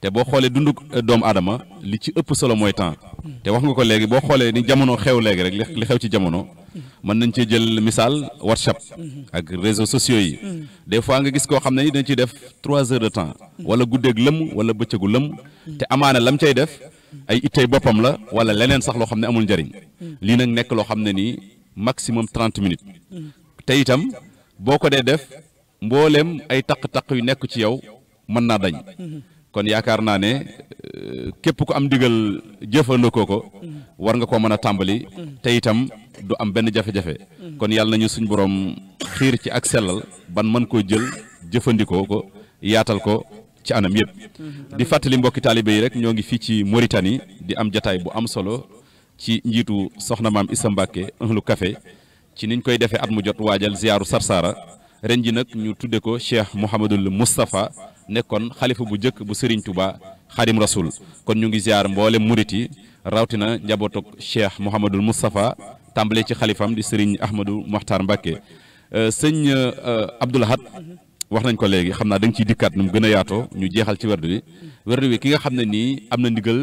te boo xoolee dundu euh, doomu aadama li ci ëpp solo mooy temps te wax nga ko léegi boo xoolee ni jamono xew léegi rek li xew ci jamono mën nañ cee jël misaal WhatsApp ak réseaux sociaux yi des fois nga gis koo xam ne ni dañ ciy def trois heures de temps wala guddeeg lëmm wala bëccëgu lëmm te amaana lam cay def ay ittey boppam la wala leneen sax loo xam ne amul njariñ lii nag nekk loo xam ne nii maximum trente minutes te itam boo ko dee def mbooleem ay taq-taq yu nekk ci yow mën naa dañ kon yaakaar naa ne euh, képp ku am ndigal jëfandikoo ko war nga koo mën a tàmbali te itam du am benn jafe-jafe kon yàlla nañu suñ borom xiir ci ak sellal ban man koo jël jëfandikoo ko yaatal ko ci anam yëpp di fàttali mbokki taalibe yi rek ñoo ngi fii ci moritani di am jataay bu am solo ci njiitu soxna maam Issa Mbacke ahlu kafe ci niñ koy defee at mu jot waajal ziyaaru Sarsara ren ji nag ñu tudde ko Cheikh Mouhamadul Moustapha nekkoon xalifa bu njëkk bu Serigne Touba Xadim Rasoul kon ñu ngi ziar mboolem murit yi rawatina njabootuk Cheikh Mouhamadul Moustapha tàmbale ci xalifam di Serigne Ahmadou Mokhtar Mbacke euh, sëñ euh, Abdoul Ahad wax nañ ko léegi xam naa da ciy dikkaat nu mu gën a yaatoo ñu jeexal ci werdu wi werdu wi ki nga xam ne nii am na ndigal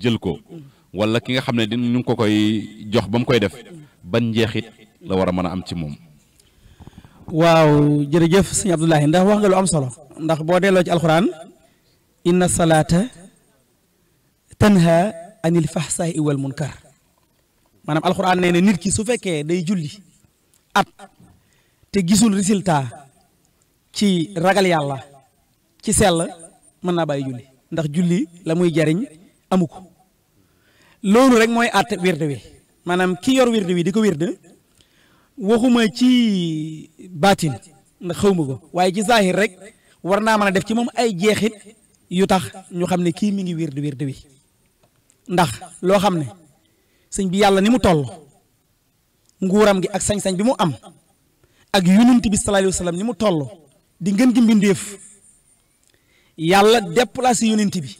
jël ko wala ki nga xam ne di ñu ngi ko koy jox ba mu koy def ban njeexit la war a mën a am ci moom. waaw jërëjëf sëñ Abdoulahi ndax wax nga lu am solo ndax boo delloo ci alxuraan inna salaata tanha anil fahsaai wal munkar maanaam alxuraan nee na nit ki su fekkee day julli at te gisul résultat ci ragal yàlla ci sell mën naa bàyyi julli ndax julli la muy jariñ amu loolu rek mooy at wird wi maanaam ki yor wird wi di ko wird waxuma ci baatin ndax xaw ko waaye ci zahir rek war naa mën a def ci moom ay jeexit yu tax ñu xam ne kii mi ngi wér di wér di wi ndax loo xam ne sëñ bi yàlla ni mu toll nguuram gi ak sañ-sañ bi mu am ak yonent bi sallallahu alayhi wa ni mu toll di ngën gi mbindéef yàlla déplacé yonent bi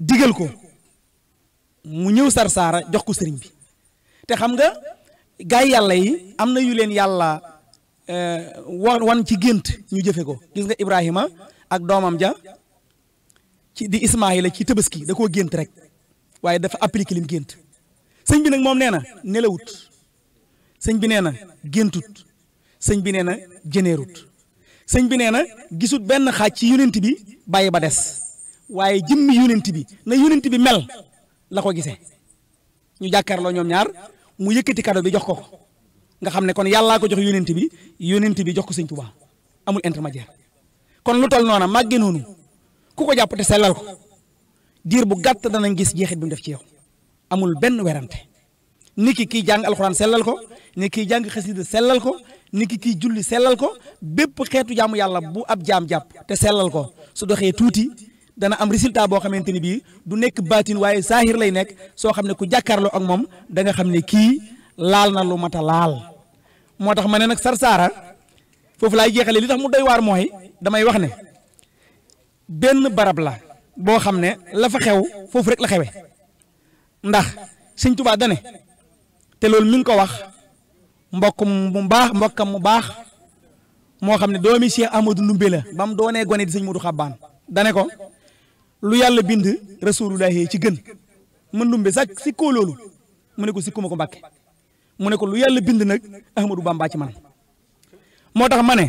digal ko mu ñëw sar saara jox ko sëriñ bi te xam nga gaay yàlla yi am na yu leen yàlla eh, wan wan ci gént ñu jëfe ko gis nga Ibrahima ak doomam ja ci di la ci Tabaski da koo gént rek waaye dafa appliqué lim gént sëñ bi nag moom nee na nelawut sëñ bi nee na géntut sëñ bi nee na jëneerut sëñ bi nee na gisut benn xaaj ci yonent bi bàyyi ba des waaye jëmmi yonent bi na yonent bi mel la ko gisee ñu jàkkaarloo ñoom ñaar mu yëkkati cadeau bi jox ko ko nga xam ne kon yàllaa ko jox yónent bi yónent bi jox ko sëñ Tuubaa amul intermédiaire kon lu tol noona màgge noonu ku ko jàpp te sellal ko diir bu gàtt danañ gis jeexit bi mu def ci yow amul benn werante ni ki kii jàng alxuraan sellal ko ni kii jàng xasida sellal ko ni ki kii julli sellal ko bépp xeetu jaamu yàlla bu ab jaam jàpp te sellal ko su doxee tuuti dana am résultat boo xamante ni bii du nekk baatin waaye saahir lay nekk soo xam ne ku jàkkaarloo ak moom da xam ne kii laal na lu mat a laal moo tax ma ne nag sarsaara foofu laay jeexalee li tax mu doy waar mooy damay wax ne benn barab la boo xam ne la xew foofu rek la xewe ndax sëñ Tuubaa loolu mi ngi ko wax mbokk mu baax mbokkam mu baax moo xam ne doomi Cheikh Amadou Ndoumbé la ba mu doonee gone di sëñ Modou baan dane ko lu yàlla bind rasulullahi ci gën mën dumbe sax si koo loolu mu ne ko sikkuma ko mbàkke mu ne ko lu yàlla bind nag ahmadou bamba ci man moo tax ma ne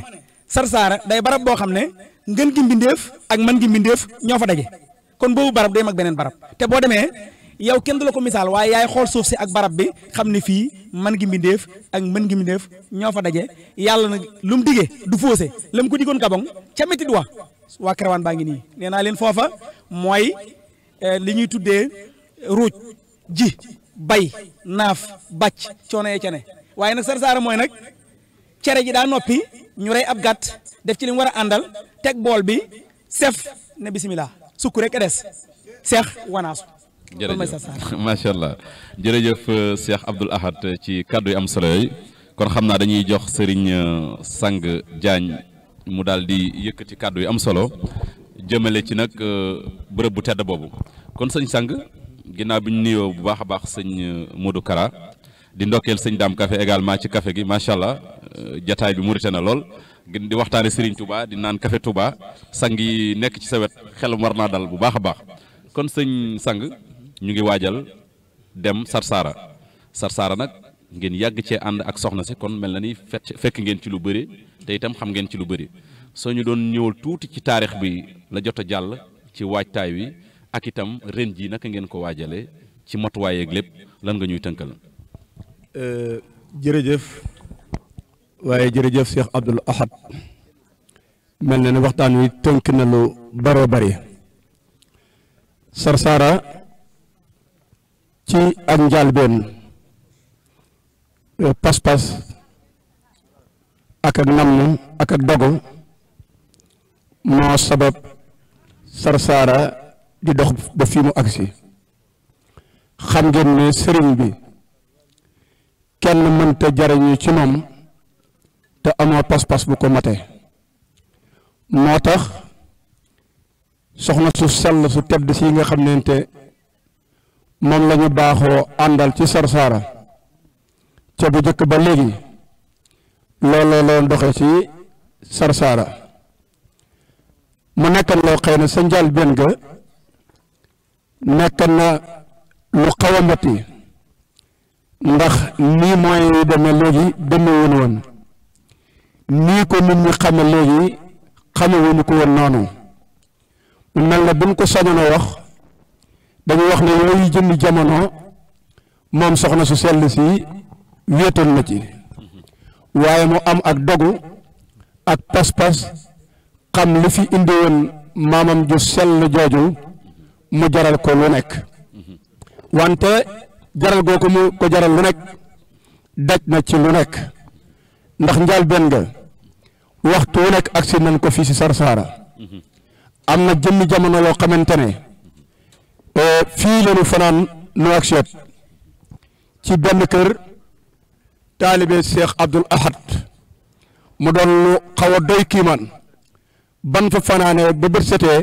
sarsaara day barab boo xam ne ngën gi mbindeef ak man gi mbindeef ñoo fa daje kon boobu barab day mag beneen barab te boo demee yow kenn du la ko misaal waaye yaay xool suuf si ak barab bi xam ne fii man gi mbindeef ak mën gi mbindeef ñoo fa daje yàlla nag lu mu digee du fóose la mu ko digoon kabong ca métti du wax waa Caravane baa ngi nii nee naa leen foofa mooy eh, li ñuy tuddee ruuj ji bay naaf bàcc coono yee ca waaye nag Sarsara mooy nag cere ji daa noppi ñu rey ab gàtt def ci li mu war a àndal teg bool bi sef ne bisimilah sukk rek a des seex wanaasu. jërëjëf macha allah jërëjëf Cheikh euh, Abdoul Ahad ci kàddu yi am solo yooyu kon xam naa dañuy jox sëriñ euh, Sang Diagne mu daal di yëkkati kàddu yu am solo jëmale ci nag euh, bërëb bu tedd boobu kon sëñ sang ginnaaw bi ñu nuyoo bu baax a baax sëñ euh, Modou Kara di ndokkeel sëñ Dame Café également ci kafe gi macha allah euh, jataay bi murite na lool di waxtaane Serigne Touba di naan kafe Touba sang yi nekk ci sa wet xelam war naa dal bu baax a baax kon sëñ sang ñu ngi waajal dem Sarsara Sarsara nag ngeen yàgg cee ànd ak soxna si kon mel na ni fekk ngeen ci lu bëri te itam xam ngeen ci lu bari soo ñu doon ñëwal tuuti ci taarix bi la jot a jàll ci waajtaay wi ak itam ren ji naka ngeen ko waajale ci matuwaay yeeg lépp lan nga ñuy tënkal. Euh, jërëjëf waaye jërëjëf Cheikh Abdoul Ahad mel na ne waxtaan wi tënk na lu baroo bari Sarsara ci ak njàlbeen euh, pas-pas. ak ak namm ak ak dogu moo sabab sarsaara di dox ba fii mu agsi xam ngeen ne sëriñ bi kenn mënta jariñu ci moom te amoo pas-pas bu ko mate moo tax soxna su sell su tedd si nga xam ne te moom lañu ñu baaxoo àndal ci sarsaara ca bu jëkk ba léegi loolu la doon doxee ci Sarsara mu nekkal loo xëy na sa njaal benn ga nekkan na lu xaw a ndax nii moyens yi demee léegi demee woon woon nii ko nit ñi xame léegi xame wuñu ko woon noonu mu mel na buñ ko sañoon wax dañuy wax ne yooyu jënd jamono moom soxna su sell si wéetoon na ci waaye mu am ak dogu ak pas-pas xam li fi indi woon maamam ju sell jooju mu jaral ko lu nekk wante jaral goo ko mu ko jaral lu nekk daj na ci lu nekk ndax njaal benn nga waxtu wu nekk agsi nañ ko fii si Sarsara am na jëmmi jamono loo xamante ne eh, fii la fanaan nu ak seet ci benn kër taalibe Cheikh Abdoul Ahad mu doon lu xaw a doy kiimaan ban fa fanaanee ba bët setee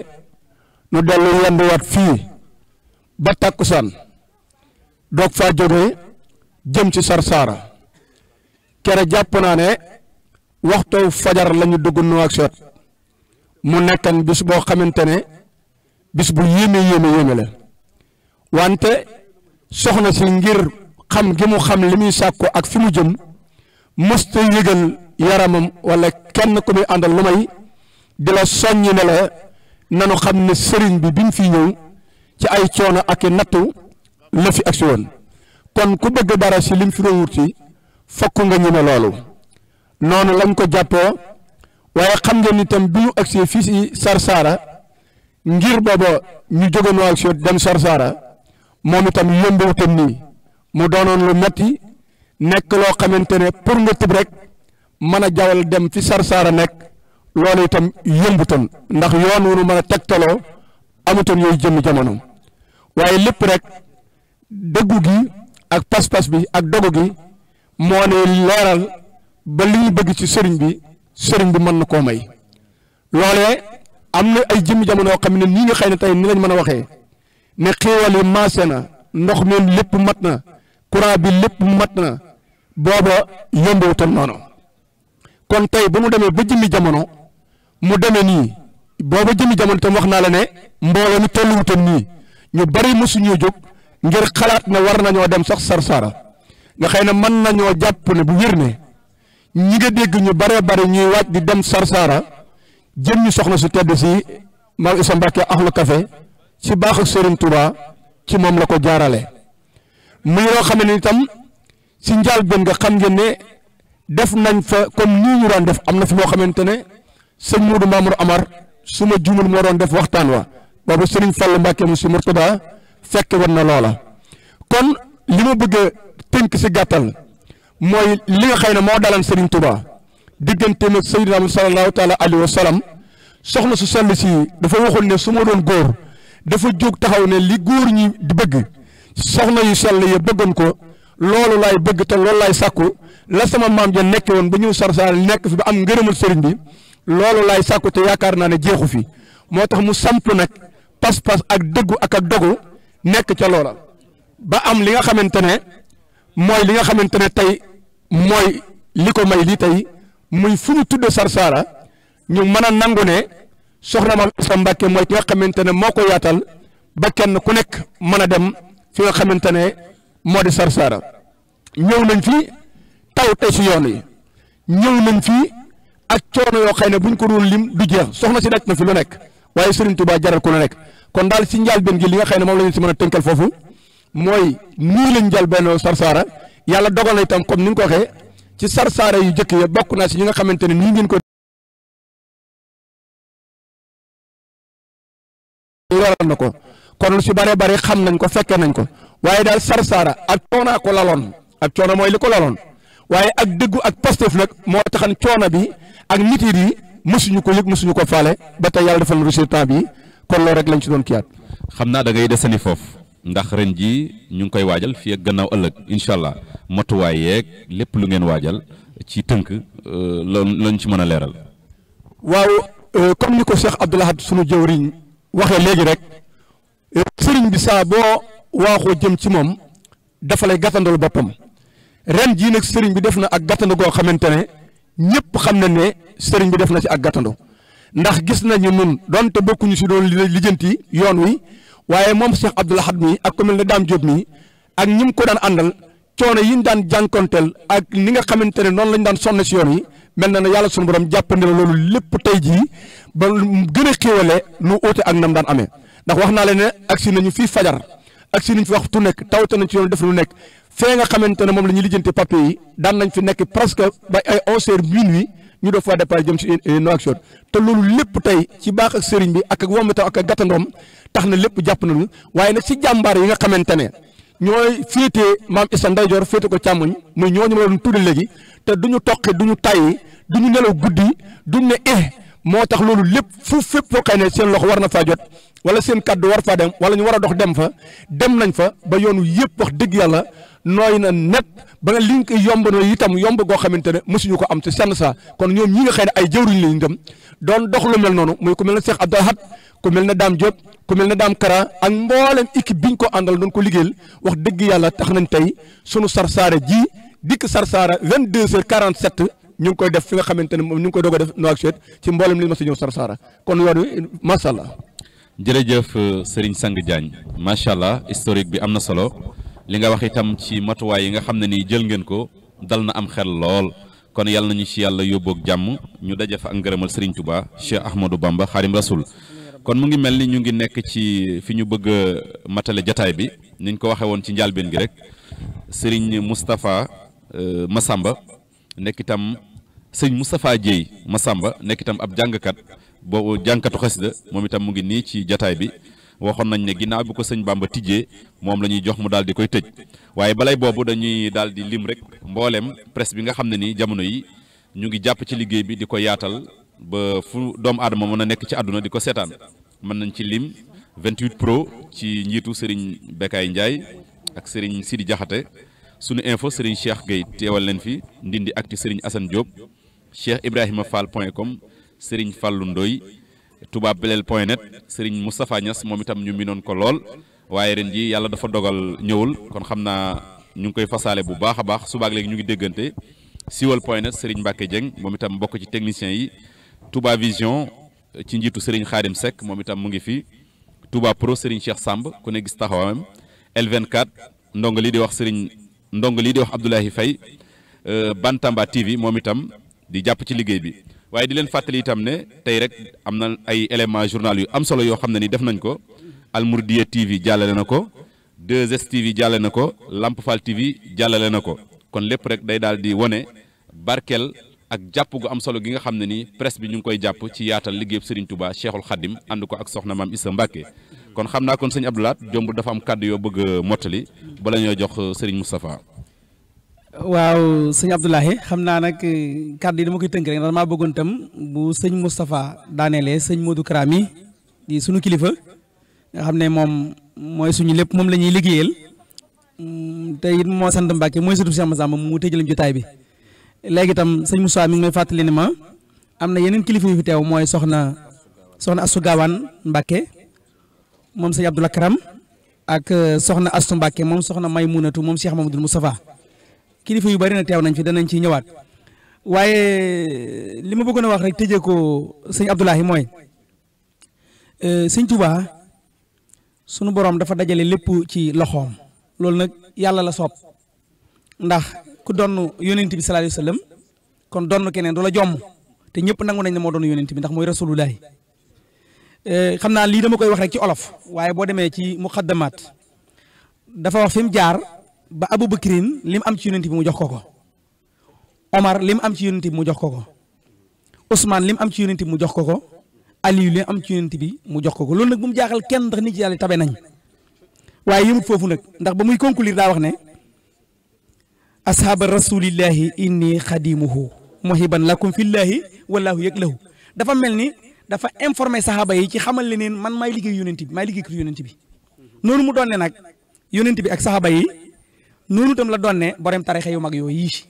nu dellu yenduwaat fii ba tàkkusaan doog faa jógee jëm ci Sarsara kere jàpp naa ne waxtu fajar lañu ñu dugg nu ak seet mu nekkan bis boo xamante ne bis bu yéeme yéeme yéeme la wante soxna si ngir xam gi mu xam li muy sàkku ak fi mu jëm mësta yëgal yaramam walla kenn ku muy àndal lu may di la soññi ne la nanu xam ne sëriñ bi bi mu fi ñëw ci ay coono ak i nattu la fi agsi woon kon ku bëgg dara si lim fi doon wuti fokk nga ñeme loolu noonu lañ ko jàppoo waaye xam ngeen ni tam bi ñu agsi fii si Sarsara ngir booba ñu jóge noo ak dem Sarsara moom itam yëmbuwutam nii mu doonoon lu metti nekk loo xamante ne pour nga tib rek mën a jawal dem fi Sarsara nekk loolu itam yëmbutoon ndax yoon wu mën a tegtaloo amutoon yooyu jëmm jamono waaye lépp rek dëggu gi ak pas-pas bi ak dogu gi moo ne leeral ba li ñu bëgg ci sëriñ bi sëriñ bi mën na koo may loole am na ay jëmm jamono yoo xam ne nii nga xëy na tey ni lañ mën a waxee ne xéewal yi maase na ndox mi lépp mat na courant bi lépp mat na booba yëmbawutoon noonu kon tey ba mu demee ba jëmmi jamono mu demee nii booba jëmmi jamono tam wax naa la ne mbooloo mi tolluwutoon nii ñu bari mosuñu jóg ngir xalaat ne war nañoo dem sax Sarsara nga xëy na mën nañoo jàpp ne bu wér ne ñi nga dégg ñu bare bare ñuy waaj di dem Sarsara jëm ñu soxna su tedd si Maam Isa Mbàkke Ahlu Kafe si baax ak Serigne ci moom la ko jaarale muy loo xam ne itam si njaal benn nga xam ngeen ne def nañ fa comme nii def am na fi moo xamante ne sëñ Moudou Mamour Amar su ma juumul moo doon def waxtaan wa boobu Serigne Fallou Mbacke mu si Mourtada fekke war na loola kon li ma bëgg a tënk si gàttal mooy li nga xëy na moo dalan Serigne Touba diggante nag Seydina Muhammad sallallahu taala alayhi wa sallam soxna su sell si dafa waxoon ne su ma doon góor dafa jóg taxaw ne li góor ñi di bëgg. soxna yu sell ya bëggoon ko loolu laay bëgg te loolu laay sàkku la sama maam ja nekke woon ba ñëw Sarsara nekk fi ba am ngërëmul sëriñ bi loolu laay sàkku te yaakaar naa ne jeexu fi moo tax mu samp nag pas-pas ak dëggu ak ak dogu nekk ca loola ba am li nga xamante ne mooy li nga xamante ne tey mooy li ko may lii tey muy fu mu tuddee Sarsara ñu mën a nangu ne soxna ma sa Mbàkke mooy ki nga xamante ne moo ko yaatal ba kenn ku nekk mën a dem fi nga xamante ne moo di Sarsara ñëw nañ fi taw te si yoon yi ñëw nañ fi ak coono yoo xëy ne buñ ko doon lim du jeex soxna si daj na fi lu nekk waaye Serigne Touba jaral ko lu nekk kon daal si njàlbeen gi li nga xëy ne moom la ñu si man a tënkal foofu mooy nii lañ njàlbeenoo Sarsara yàlla dogal na itam comme ni nga ko waxee ci Sarsara yu njëkk ya bokk naa si ñi nga xamante ne nii ngeen ko. waral na ko kon lu si bare bari xam nañ ko fekke nañ ko waaye daal Sarsara ak coonaa ko laloon ak coono mooy li ko laloon waaye ak dëggu ak Pastef nag moo taxan coono bi ak nitiir yi mësuñu ko yëg mësuñu ko faale ba tey yàlla defal résultat bi kon loolu rek lañ ci doon kiyaat. xam naa da ngay desandi foofu ndax ren ji ñu ngi koy waajal fii ak gannaaw ëllëg incha allah matuwaay yeeg lépp lu ngeen waajal ci tënk euh, loolu lañ ci mën a leeral. waaw euh, comme ni ko Cheikh Abdoul Ahad sunu jëwriñ waxee léegi rek. sëriñ bi saa boo waaxoo jëm ci moom dafa lay gàttandal boppam ren jii nag sëriñ bi def na ak gàttandu goo xamante ne ñëpp xam na ne sëriñ bi def na ci ak gàttandu ndax gis nañu nun donte bokkuñu si doon lijjanti yoon wi waaye moom Cheikh Abdoul Ahad mi ak ku mel ne Dame Diop mi ak ñi mu ko daan àndal coono yi ñu daan jànkonteel ak ni nga xamante ne noonu lañu daan sonne si yoon yi mel na ne yàlla sunu borom jàppandi la loolu lépp tey jii ba gën a xéwale nu oote ak nam daan amee. ndax wax naa leen ne agsi nañu fii fajar agsi nañ fi wax waxtu nekk tawte nañ ci yoon def lu nekk fee nga xamante ne moom la ñuy lijjanti papier yi daan nañ fi nekk presque ba ay onze heures minuit ñu def fa si jëm ci Nouakchott te loolu lépp tey ci baax ak sëriñ bi ak ak womatam ak ak gattandoom tax na lépp jàpp nañu waaye nag ci jàmbaar yi nga xamante ne ñooy fiite maam Issa ndeyjoor féete ko càmmoñ muy ñooñu ma doon tudde léegi te du ñu toqi du du ñu nelaw guddi duñ ne eh moo tax loolu lépp fu fépp foo xëy ne seen loxo war na faa jot wala seen kàddu war faa dem wala ñu war a dox dem fa dem nañ fa ba yoonu yëpp wax dëgg yàlla nooy na net ba nga liñ yomb na itam yomb goo xamante ne mësuñu ko am ci seen saa kon ñoom ñi nga xëy ne ay jëwriñ lañ dem doon dox lu mel noonu muy ku mel na seex Cheikh Abdou Ahad ku mel na daam Diop ku mel ne Dame Kara ak mboolem équipe ñu ko àndal doon ko liggéeyal wax dëgg yàlla tax nañ tey sunu sarsaara ji dikk sarsaara 22h47. ñu ngi koy def fi nga xamante ne moom ñu ngi koy doog a def Nouakchott ci mboolem li ma si ñëw Sarsara kon yoon wi macha allah. jërëjëf euh, Serigne Sang Diagne macha allah historique bi am na solo li nga wax itam ci matuwaay yi nga xam ne nii jël ngeen ko dal na am xel lool kon yàlla nañu ci yàlla yóbboog jàmm ñu daje fa ak ngërëmal Serigne Touba Cheikh Ahmadou Bamba Xaadim Rasul kon mu ngi mel ni ñu ngi nekk ci fi ñu bëgg a matale jataay bi ni niñ ko waxee woon ci njàlbeen gi rek Serigne Moustapha euh, Massamba. nekk itam sëñ Moustapha Dieye Massamba nekk itam ab jàngkat boobu jàngkatu xasida moom itam mu ngi nii ci jataay bi waxoon nañ ne ginnaaw bi ko sëñ Bamba tijjee moom la ñuy jox mu daal di koy tëj waaye balay boobu dañuy dal di lim rek mbooleem presse bi nga xam ne nii jamono yi ñu ngi jàpp ci liggéey bi di ko yaatal ba fu doom aadama mën a nekk ci àdduna di ko seetaan mën nañ ci lim 28 pro ci njiitu sëriñ Bekay Ndiaye ak Serigne Sidi Diakhaté suñu info Serigne Cheikh Gueye teewal leen fi ndindi ak ci Serigne Assane Diop Cheikh Ibrahima Fall point com Serigne Fallou tubaab Touba Belel point net Serigne Moustapha Niass moom itam ñu noon ko lool waaye ren ji yàlla dafa dogal ñëwul kon xam naa ñu ngi koy fasaale bu baax a baax subaak léegi ñu ngi déggante siwal point net Serigne Mbacke Dieng moom itam mbokk ci technicien yi Touba Vision ci njiitu sëriñ Khadim Seck moom itam mu ngi fi Touba Pro Serigne Cheikh sàmb ku gis taxawaayam ndong lii di wax Abdoulaye Faye euh, Bantamba TV moom itam di jàpp ci liggéey bi waaye di leen fàttali itam ne tey rek am na ay éléments journal yu am solo yoo xam ne ni def nañ ko Almourdiya TV jàllale na ko 2S TV jàllale na ko Lamp Fall TV jàllale na ko kon lépp rek day daal di wone barkeel ak jàpp gu am solo gi nga xam ne ni presse bi ñu ngi koy jàpp ci yaatal liggéeyub Serigne Touba Cheikhul Khadim ànd ko ak soxna maam sa Mbacke kon xam naa kon sëñ Abdou Lahad Diomb dafa am kàddu yoo bëgg mottali bala ñoo jox euh, Serigne Moustapha waaw sëñ Abdoulahi xam naa nag euh, kàddu yi dama koy tënk rek ndax maa bëggoon tam bu sëñ Moustapha daanelee sëñ Modou Kara mi di kilifa nga xam ne moom mooy suñu lépp moom la ñuy liggéeyal mm, te it moo sant Mbàkke mooy sutub Cheikh Massamba mu tëjëlam jotaay bi léegi tam sëñ Moustapha mi may fàttali ne ma am na yeneen kilifa yu fi teew mooy soxna soxna Assou Gawane Mbàkke moom sëñ Abdoul Karam ak euh, soxna Astu Mbàkke moom soxna may Maymunatu moom Cheikh Mamadou Moustapha kilifa yu bari na teew nañ fi danañ ci ñëwaat waaye euh, li ma bëggoon a wax rek tëjee ko sëñ Abdoulahi mooy euh, sëñ Tuubaa sunu boroom dafa dajale lépp ci loxoom loolu nag yàlla la soob ndax ku doon yonent bi sallallahu alayhi wa sallam kon doon keneen du la jomm te ñëpp nangu nañ ne moo doon yonent bi ndax mooy rasulullahi Eh, xam naa lii dama koy wax rek ci olof waaye boo demee ci muqaddamaat dafa wax fi mu jaar ba Abu Bakrin li mu am ci yonent bi mu jox ko ko Omar li mu am ci yonent bi mu jox ko ko Ousmane li am ci yonent bi mu jox ko ko Aliou am ci yonent bi mu jox ko ko loolu nag bu mu jaaxal kenn ndax ni ci yàlla tabe nañ waaye yëmut foofu nag ndax ba muy conclure daa wax ne ashaaba rasulillahi inni xadimuhu muhiban lakum fillahi wallahu yëg lahu dafa mel ni dafa informé saxaaba yi ci xamal leneen man may liggéey yonent bi maay liggéey ko yonent bi noonu mu doon ne nag yonent bi ak saxaaba yi noonu itam la doon ne borom tarixa yu mag yooyu yii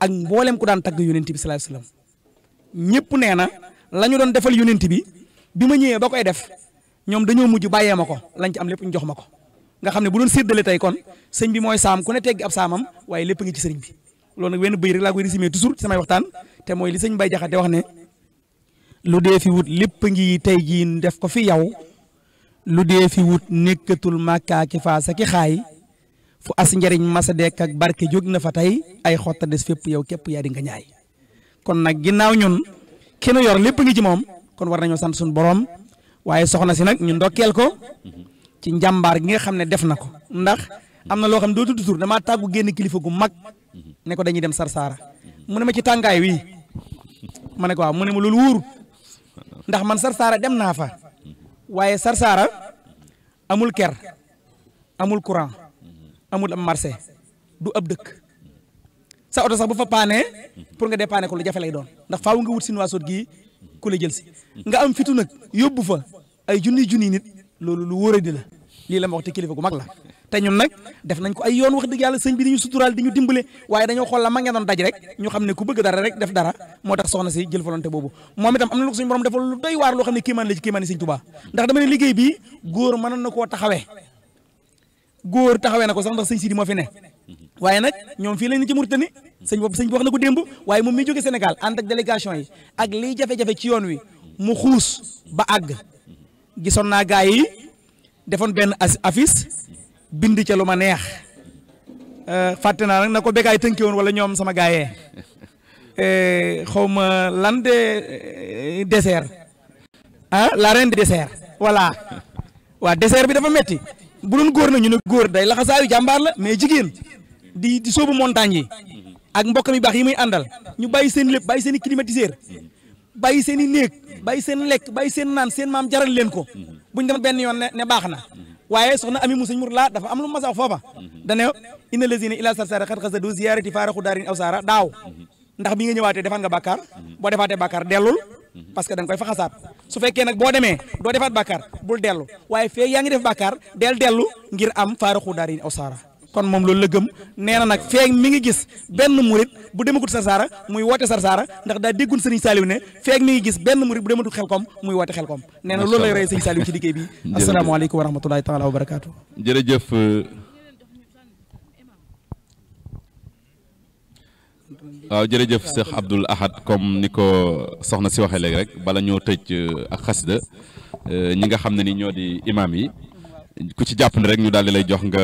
ak mboolem ku daan tagg yonent bi sallallahu alayhi wasallam ñëpp nee na la ñu doon defal yonent bi bi ma ñëwee ba koy def ñoom dañoo mujj yee ma ko lañ ci am lépp ñu jox ma ko nga xam ne bu doon séddale tey kon sëñ bi mooy saam ku ne teggi ab saamam waaye lépp ngi ci sëriñ bi loolu nag wenn bëy rek laa koy résumé toujours samay waxtaan te mooy li sëñ Baye Jaxate wax ne lu dee fi wut lépp ngi tey jii def ko fi yow lu dee fi wut nekkatul màkkaa ki faasa ki xaay fu as njariñ masa dekk ak barke jóg na fa tey ay xotta des fépp yow képp yaa di nga ñaay kon nag ginnaaw ñun ki nu yor lépp ngi ci moom kon war nañoo sant suñu boroom waaye soxna si nag ñu ndokkeel ko ci njàmbaar gi nga xam ne def na ko ndax am na loo xam ne doo tudd tur damaa tàggu génn kilifa gu mag ne ko dañuy dem Sarsara mu ne ma ci tàngaay wi ma ne ko mu ne ma loolu wóorut ndax man Sarsara dem naa fa waaye Sarsara amul ker amul courant amul am marché du ab dëkk sa oto sax bu fa paanee pour nga dépanner ko lu jafe lay doon ndax faaw nga wut sinuwaa soot gii ku la jël si nga am fitu nag yóbbu fa ay junni junniy nit loolu lu wóoradi la lii la ma wax te kilifa gu mag la te ñun nag def nañ ko ay yoon wax dëgg yàlla sëñ bi di ñu suturaal di ñu dimbale waaye dañoo xool la ma ngeen doon daj rek ñu xam ne ku bëgg dara rek def dara moo tax soxna si jël volonté boobu moom itam am na lu ko suñu borom defal lu doy waar loo xam koo taxawee góor taxawee na ko sax ndax sëñ Sidi moo fi ne waaye nag ñoom fii lañ ne ci Mauritanie sëñ bopp sëñ bi wax na ko démb waaye moom miy jóge Sénégal ànd ak délégation yi ak liy jafe-jafe ci yoon wi mu xuus ba àgg gisoon naa gaa yi defoon benn affiche bind ca lu ma neex euh, fàtte naa nag na ko bekkaay tënke wala ñoom sama gaayee euh, xaw ma lan de euh, dessert ah la reine de dessert waa dessert bi dafa metti bu doon góor na ñu ne góor day laxasaayu jàmbaar la mais jigéen di di sóobu montagne yi ak mbokk yi baax yi muy àndal ñu bàyyi seen lépp bàyyi seen i climatiseur bàyyi seen i néeg bàyyi seen lekk bàyyi seen naan seen maam jaral leen ko bu ñu dem benn yoon ne baax na waaye soxna ami mu sëñ mur laa dafa am lu mas a foofa dane ina lazina ila sarsara xat xasadu ziyaarati faaraxu daarin aw saara daaw ndax bi nga ñëwaatee defaan nga bàkkaar boo defaatee bàkkaar dellul parce que da nga koy faxasaat su fekkee nag boo demee doo defaat bàkkaar bul dellu waaye fee yaa ngi def bàkkaar del dellu ngir am faaraxu daarin aw saara kon moom loolu la gëm nee nag feek mi ngi gis benn murit bu demagut sarsaara muy woote sarsaara ndax daa déggun sëriñ Saliou ne feeg mi ngi gis benn murit bu demagut xelkom muy woote xelkom nee na loolu lay rey sëriñ Saliou ci liggéey bi asalaamaaleykum wa rahmatulahi taala wa barakaatu jërëjëf euh, waaw jërëjëf Cheikh Abdoul Ahad comme ni ko soxna si waxee léegi rek bala ñoo tëj euh, ak xasida euh, ñi nga xam ne ni ñoo di imaam yi ku ci jàpp ne rek ñu daal di lay jox nga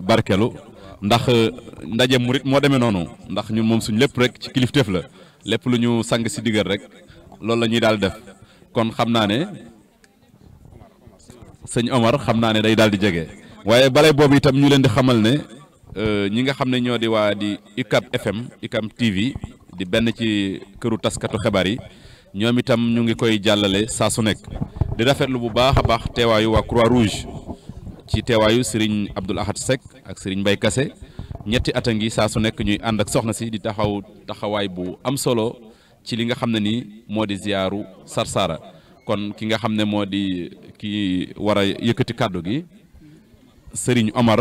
barkelu ndax euh, ndaje murit moo demee noonu ndax ñun moom suñ lépp rek ci kilifteef la lépp lu ñu sang si digal rek loolu lañuy daal def kon xam naa ne sëñ Omar xam naa ne day daal di jege waaye bale boobu itam ñu leen di xamal ne euh, ñi nga xam ne ñoo di waa di UCAB FM UCAB TV di benn ci këru taskatu xibaar yi ñoom itam ñu ngi koy jàllale saa su nekk di rafetlu bu baax a baax teewaayu waa Croix Rouge. ci teewaayu Serigne Abdoul Ahad Seck ak Serigne Mbaye Kassé ñetti at a ngi saa su nekk ñuy ànd ak soxna si di taxaw taxawaay bu am solo ci li nga xam ne ni moo di ziyaaru Sarsara kon ki nga xam ne moo di ki war a yëkkati kàddu gi Serigne Omar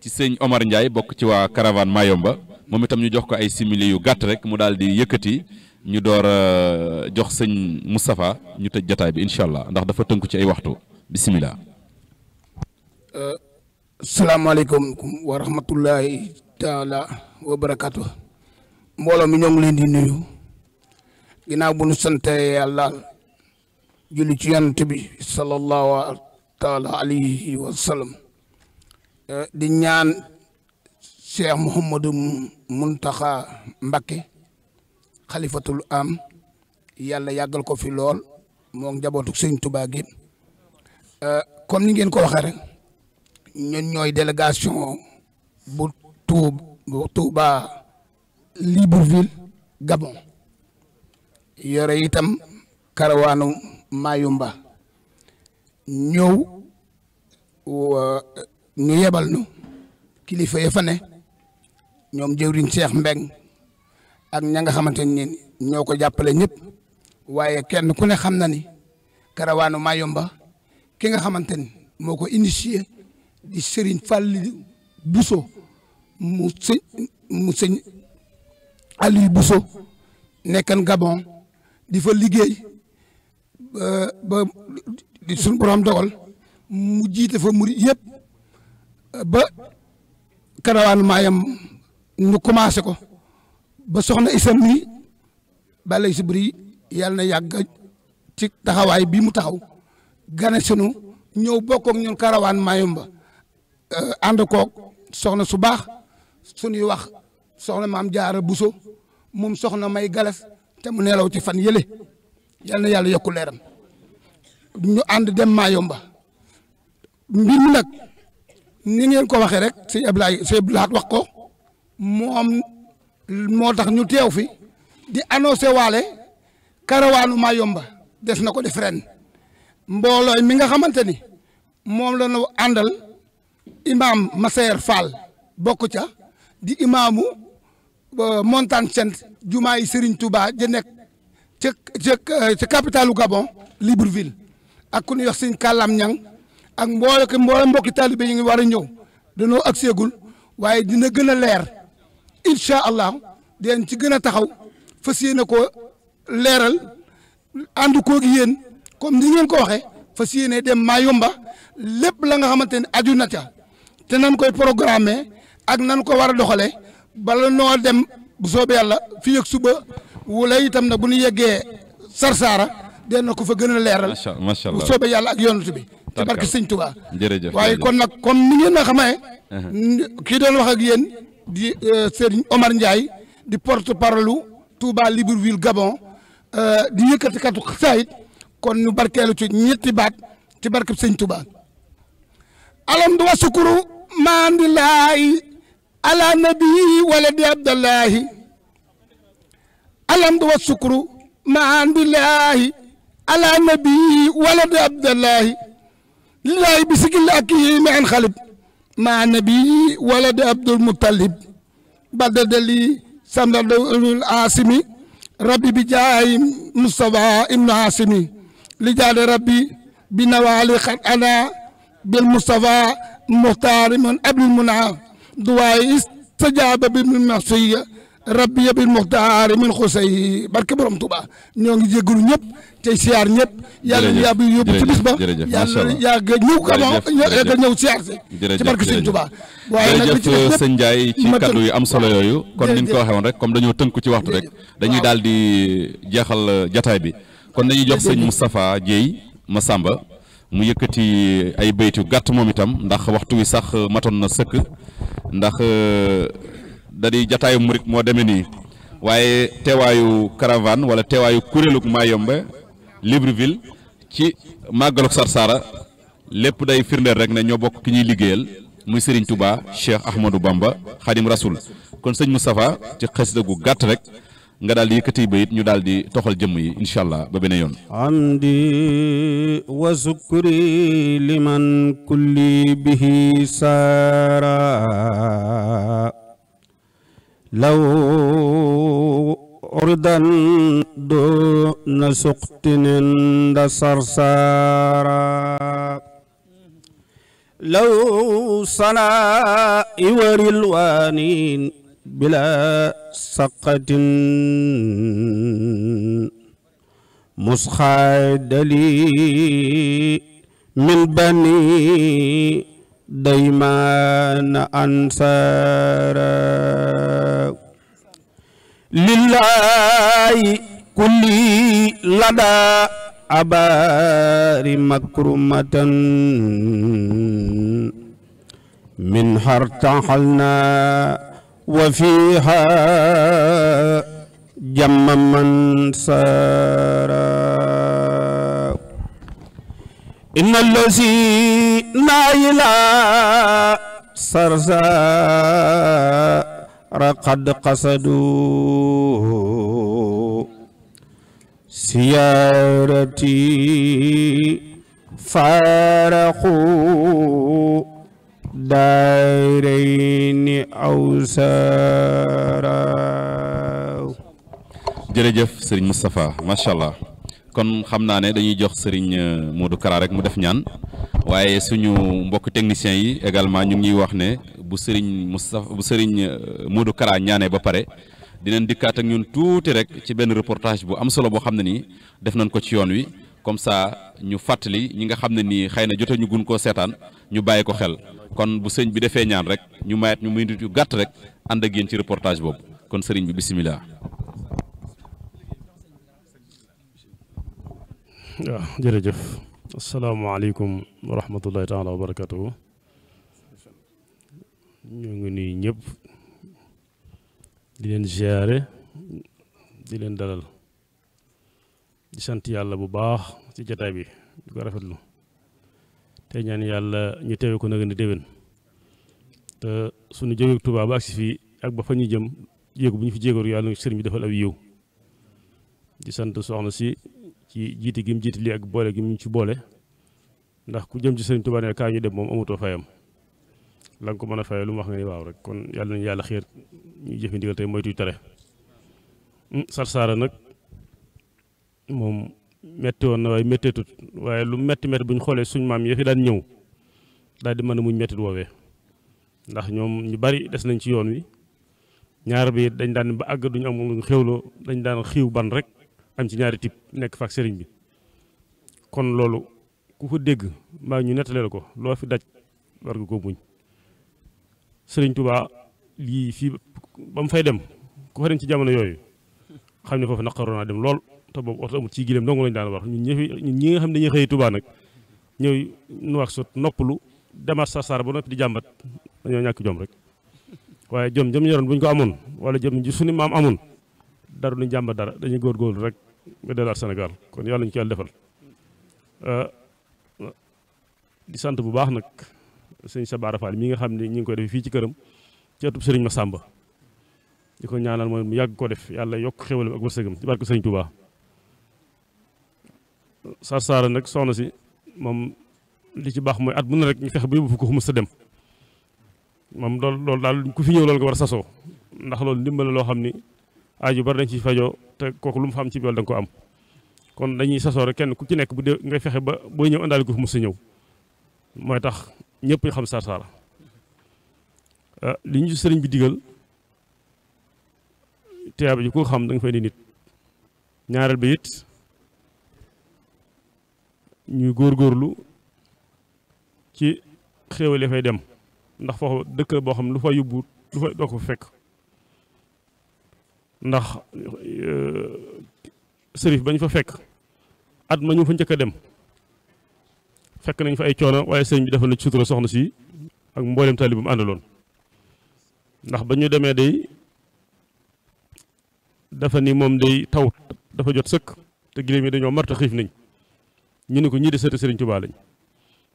ci sëñ Omar Ndiaye bokk ci waa caravane Mayomba moom itam ñu jox ko ay simili yu gàtt rek mu daal di yëkkati ñu door a jox sëñ Moustapha ñu tëj jataay bi incha allah ndax dafa tënku ci ay waxtu bisimilah. salaamaaleykum wa rahmatullahi taala wa mbooloo mi ñoo ngi leen di nuyu. ginnaaw bu nu sant yàlla julli ci yonent bi sallallahu taala alayhi wa di ñaan Cheikh Mouhamadou Mountakha Mbacké xalifatul am yàlla yàggal ko fi lool moo njabootu Sëñ Tuubaa gi comme ni ngeen ko waxee rek. ñun ñooy délégation bu Tou Touba Gabon yore itam karawaanu Mayumba ñëw ñu yebal kilifa ya ñoom jëwriñ Cheikh Mbeng ak ña nga xamante ni ñoo ko jàppale ñëpp waaye kenn ku ne xam na ni karawaanu Mayumba ki nga xamante ni moo ko initié di Serigne Fallou Bousso mu sëñ mu sëñ Aliou Bousso nekkan Gabon di fa liggéey ba ba di suñu borom dogal mu jiite fa murid yëpp ba karawaan maayam ñu commencé ko ba soxna isam ni balay si buri yàlla na yàgg ci taxawaay bii mu taxaw gane sunu ñëw bokk ak ñun karawaan ba Euh, ànd koog soxna su baax suñuy wax soxna maam jaara buso moom soxna may galas te mu nelaw ci fan yële yal na yàlla yokku leeram ñu ànd dem Mayomba mbir mi nag ni ngeen ko waxee rek sëñ Ablaye sëñ wax ko moom moo tax ñu teew fi di annoncé waale karawaanu Mayomba des na ko def ren mboolooy mi nga moom la ñu imaam Massaer Fall bokk ca di imaamu Montagne Sainte jumaa yi Serigne Touba ja nekk ca ca ca capitalu Gabon Libreville ak ku ñuy wax sëñ Kàllaam Ñang ak mboole ko mboole mbokki taalibe yi ngi war a ñëw danoo ak seegul waaye dina gën a leer incha allah dinañ ci gën a taxaw fas yéene ko leeral ànd koog yéen comme ni ngeen ko waxee fas yéene dem yomba lépp la nga xamante ne aju na ca te nan koy programmer ak nan ko war a doxalee bala noo dem bu soobee yàlla fii suba wala itam na bu ñu yeggee Sarsara den na ko fa gën a leeral. macha allah bu soobee yàlla ak yonent bi. ci barke Sëñ Tuubaa. waaye kon nag kon ni ngeen a xamee. Uh-huh. kii doon wax ak yéen di euh, Serigne Omar Ndiaye di porte parole Touba Libreville Gabon euh, di yëkkati katu saayit kon ñu barkeelu ci ñetti baat ci barke Sëñ Tuubaa alam du wa maandilaahi ala nabii waladi abdallahi alhamdu wa sukru maandilaahi ala nabii waladi abdallahi lillaahi bisigil akimi an xalib maa nabii waladi abdul muttalib badadali samradul asimi rabbi bi jaay mustafa ibnu asimi li jaade rabbi bi nawaali xat ana bil mustafa مختار من أبل المنعى دواي استجاب بالمعصية rabbi yabil muxtaar min xusay barke borom tubaa ñoo ngi jégalu ñëpp tey siyaar ñëpp. yàlla yàbb yóbbu ci bis ba yàlla yàgg ñëw kama yàgg ñëw siyaar si ci barke sëñ Tuuba waaye nag jërëjëf sëñ Ndiaye ci kaddu yi am solo yooyu kon ni ñu ko waxee woon rek comme dañoo tënku ci waxtu rek dañuy daal di jeexal euh, jataay bi kon dañuy jox sëñ Moustapha Dieye Massamba mu yëkkati ay bayt yu gàtt moom itam ndax waxtu wi sax matoon na sëkk ndax euh, da di jataayu murit moo demee nii waaye teewaayu caravane wala teewaayu kuréelu Mayombe Libreville ci màggaluk Sarsara lépp day firndeel rek ne ñoo bokk ki ñuy liggéeyal muy Serigne Touba Cheikh Ahmadou Bamba Khadim Rasoul kon sëñ Moustapha ci xasida gu gàtt rek. nga daal di yëkkati bayit ñu daal di toxal jëmm yi incha ba beneen yoon amdi wa sukri liman kulli bihi saara law urdan duna suqtinin da sarsaara law sana iwaril waanin بلا سقة مسخاد لي من بني ديمان أنصار لله كل لدى أبار مكرمة من هرتحلنا وفيها جم من سارا إن الذي لا إله سرزار قد قصدوه سيارتي فارقوا daarayni aw saaraw jërëjëf sëriñ Moustapha macha allah kon xam naa ne dañuy jox sëriñ euh, Modou Kara rek mu def ñaan waaye suñu mbokk techniciens yi également ñu ngi wax ne bu sëriñ Moustapha bu sëriñ euh, Modou Kara ñaanee ba pare dinañ dikkaat ak ñun tuuti rek ci benn reportage bu am solo boo xam ne nii def nañ ko ci yoon wi. comme sa ñu fàttali ñi nga xam ne nii xëy na jote ñu gun koo seetaan ñu bàyyi ko xel kon bu sëñ bi defee ñaan rek ñu mayat ñu muy yu gàtt rek ànd ak yéen ci reportage boobu kon sëriñ bi bisimilah. waaw jërëjëf asalaamaaleykum wa rahmatullahi taala wa barakatuhu ñoo ngi nuyu ñëpp di leen ziare di leen dalal. di sant yàlla bu baax ci jataay bi du ko rafetlu tey ñaan yàlla ñu teewe ko nag ni déwén te suñu jógee Tuubaa ba agsi fii ak ba fa ñu jëm jéego bu fi jéegoor yàlla na sëriñ bi defal aw yiw di sant soxna si ci jiite gim mu jiite lii ak boole gi mu ci boole ndax ku jëm ci sëriñ Tuubaa ne ñu dem moom amutoo fayam la mën a fayee lu mu waaw rek kon yàlla nañu yàlla xiir ñu jëfe ndigal tey hmm, sarsaara nag moom metti woon na waaye métteetut waaye lu metti metti bu ñu xoolee suñ maam yi fi daan ñëw daal di mën a muñ mettit woowee ndax ñoom ñu bari des nañ ci yoon wi ñaar bi dañ daan ba àgg duñu am lu dañ daan xiiw ban rek am ci ñaari type nekk faak sëriñ bi loolu ku ko dégg mbaa ñu nettalee ko loo fi daj war nga ko muñ sëriñ Touba lii fii ba mu fay dem ku fa dem ci jamono yooyu xam ne foofu naqaroon dem lool te boobu oto amul ci gileem dong lañu daan wax ñun ñi nga xam ne dañuy xëy Tuubaa nag ñëw nu wax sot noppalu demaat sarsar ba noppi di jàmbat dañoo ñàkk jom rek waaye jom jom yoroon bu ko amoon wala jom ji suñu maam amoon dara duñ jàmbat dara dañuy góorgóorlu rek nga delaat Sénégal kon yàlla ñu ko euh, sant bu baax nag sëñ sa Bara Fall nga xam ne ñu ngi koy defee fii ci këram ci ëttub sëriñ sàmba di ko ñaanal mooy mu yàgg ko def yàlla yokk xéwalam ak wërsëgam ci barke sëriñ Touba Sarsara nag soxna si moom li ci baax mooy at bu ne rek ñu fexe ba yóbbu ko xumus sa dem moom loolu loolu daal ku fi ñëw loolu nga war a sasoo ndax loolu ndimbal loo xam ni aju bari dañ ci fajoo te kooku lu mu xam ci loolu da nga ko am. kon dañuy sasoo rek kenn ku ci nekk bu dee ngay fexe ba boo ñëw àndaale ko xumus sa ñëw mooy tax ñëpp ñu xam Sarsara ah, li ñu sëriñ bi digal teewaay bi ku ko xam da nga fay nit ñaareel bi it. ñuy góorgóorlu ci xéewal ya fay dem ndax foofu dëkk boo xam ne lu fa yóbbu lu fa doo ko fekk ndax euh, sërif bañ fa fekk at ma ñu fa njëkk dem fekk nañ fa ay coono waaye sëriñ bi defal na ci soxna si ak mboolem taalibe bu mu àndaloon ndax ba ñu demee day dafa ni moom day taw dafa jot sëkk te giléem yi dañoo mar te xiif nañ ñu ne ko ñii di sëti Serigne Touba lañ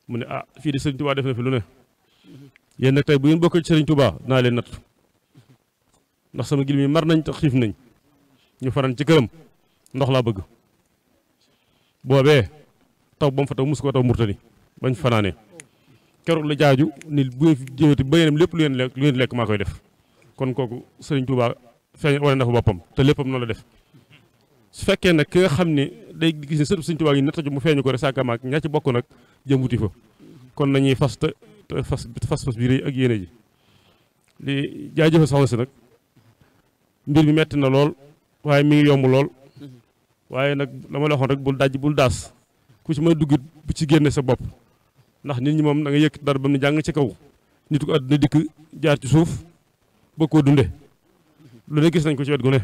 mu ne ah fii di Serigne Touba def na fi lu ne yéen nag tey bu ngeen bokkee ci Serigne Touba naa leen natt ndax sama gil mi mar nañ te xiif nañ ñu faran ci këram ndox laa bëgg boobee taw ba mu fa taw mus taw murtani bañ fanaanee keroog la jaaju ni bu ngeen fi jëwati ba lépp lu ngeen lekk maa koy def kon kooku Serigne Touba feeñ wane na fa boppam te léppam noonu la def su fekkee nag ki nga xam ne day gis ne sëtu Sëñ Tuubaa yi nattaju mu feeñu ko rek sàggama ak ña ci bokk nag jëm fa kon nañuy fas te fas fas fas biir ak yéene ji li jaajëfal soxna si nag mbir mi metti na lool waaye mi ngi yomb lool waaye nag la ma rek bul daj bul daas ku ci may a duggit bu ci génne sa bopp ndax nit ñi moom da nga yëkk dara ba mu jàng ci kaw nit ko àdduna dikk jaar ci suuf ba koo dunde lu ne gis nañ ko ci wet gu ne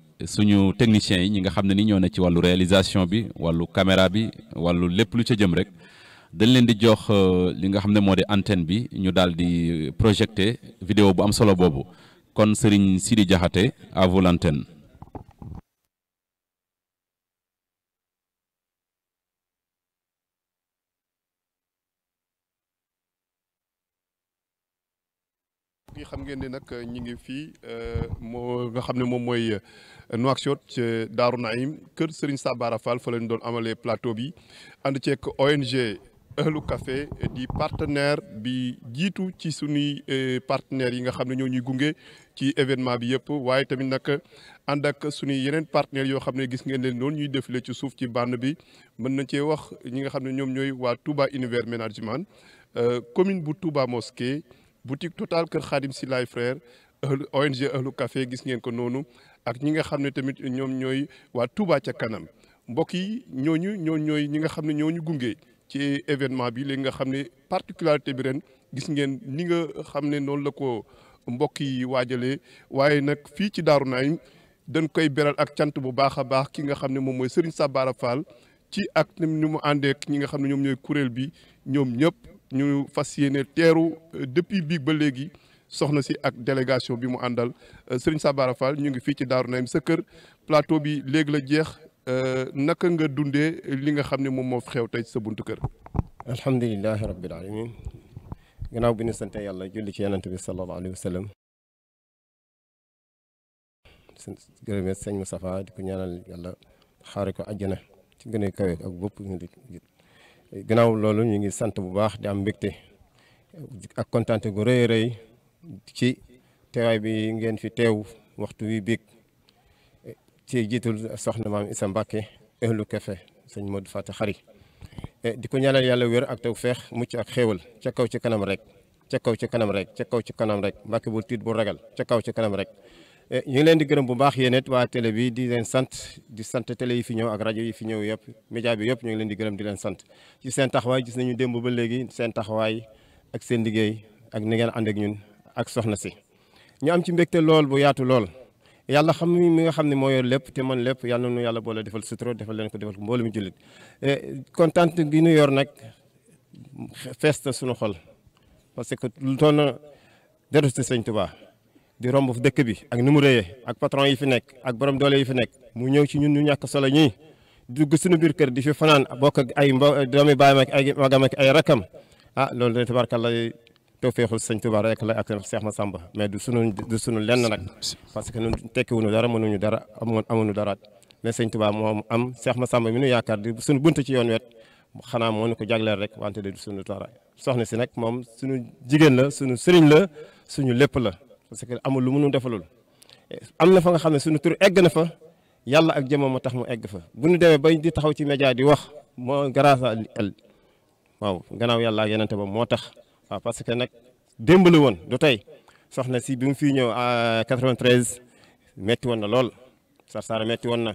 suñu techniciens yi ñi nga xam ne ni ñoo ne ci wàllu réalisation bi wàllu caméra bi wàllu lépp lu ca jëm rek dañ leen di jox euh, li nga xam ne moo di antenne bi ñu daal di projeté vidéo bu am solo boobu kon Serigne Sidi Diakhaté à vous l'antenne xam ngeen ne nag ñu ngi fii euh, moo nga xam ne moom mooy Nouakchott ci Daaru Naim kër Serigne Sabara Fall fa lañ doon amale plateau bi ànd ceeg ONG Euhlou Café di partenaire bi jiitu ci suñuy eh, partenaires yi nga xam ne ñoo ñuy gunge ci événement bi yëpp waaye tamit nag ànd ak suñuy yeneen partenaires yoo xam ne gis ngeen ne noonu ñuy défilé ci suuf ci bànn bi mën nañ cee wax ñi nga xam ne ñoom ñooy waa Touba Univers Management eh, commune bu Touba Mosquée boutique Total Kër si lay Frère ONG Euhlou kafe gis ngeen ko noonu ak ñi nga xam ne tamit ñoom ñooy waa Touba ca kanam mbokk yi ñooñu ñoo ñooy ñi nga xam ne ñooñu gunge ci événement bi léegi nga xam ne particularité bi ren gis ngeen ni nga xam ne noonu la ko mbokk yi waajalee waaye nag fii ci Daaru Naim dañ koy beral ak cant bu baax a baax ki nga xam ne moom mooy Serigne Sabara Fall ci ak nu mu àndee ñi nga xam ne ñoom ñooy kuréel bi ñoom ñëpp ñu fas yéene teeru depuis biig ba léegi soxna si ak délégation bi mu àndal euh, Serigne Sabara Fall ñu ngi fii ci Daaru Naim sa kër plateau bi léegi la jeex euh, naka nga dundee li nga xam ne moom moo fi xew tey sa buntu kër. alhamdulilahi rabbil alamin gannaaw bi ñu sant yàlla julli ci yonent bi sallallahu alayhi wa sëñ Moustapha di ko ñaanal xaare ko àjjana ci gën a ak bopp gannaaw loolu ñu ngi sant bu baax di am mbégte ak kontaante gu rëy rëy ci teewaay bi ngeen fi teew waxtu wi biig ci jiitul soxna maam Issa Mbacke ëhlu kafe sëñ du Fata Xari di ko ñaanal yàlla wér ak taw feex mucc ak xéewal ca kaw ci kanam rek ca kaw ci kanam rek ca kaw ci kanam rek Mbacke bul tiit bu ragal ca kaw ci kanam rek eh, ñu ngi leen di gërëm bu baax yéen waa tele bi di leen sant di sant tele yi fi ñëw ak rajo yi fi ñëw yëpp média bi yëpp ñu ngi leen di gërëm di leen sant ci seen taxawaay gis nañu démb ba léegi seen taxawaay ak seen ak ni ngeen ànd ñun ak soxna si ñu am ci mbégte lool bu yaatu lool yàlla xam mi nga xam ne moo yor lépp te man lépp yàlla nu yàlla boole defal sutura defal leen ko defal ko mboolu mu jullit eh, kontaan gi nu yor nag fees na sunu xol parce que lu toll na deru si sëñ Tuubaa di romb dëkk bi ak nu mu rëyee ak patron yi fi nekk ak borom doole yi fi nekk mu ñëw ci ñun ñu ñàkk solo ñi dugg suñu biir kër di fanaan bokk ak ay mbo doomi baayam ak ay rakam ah loolu de tabarkalla tawféexul sëñ Tuubaa rek la ak Seex Masamba mais du sunu du sunu lenn nag parce que ñun tekkiwuñu dara mënuñu dara amoon amuñu dara mais sëñ Tuubaa moom am Seex Masamba mi nu yaakaar di sunu bunt ci yoon wet xanaa moo ñu ko jagleel rek wante du sunu dara soxna si nag moom sunu jigéen la sunu sëriñ la suñu lépp la parce que amul lu mënu defalul am na fa nga xam ne sunu tur egg na fa yàlla ak jëm moo tax mu egg fa bu ñu ba bay di taxaw ci média di wax moo grâce waaw gannaaw yàlla ak yeneen ba moo tax. waaw parce que nag démb woon du tey soxna si bi mu fii ñëw à ah, 93 metti woon na lool Sarsara metti woon na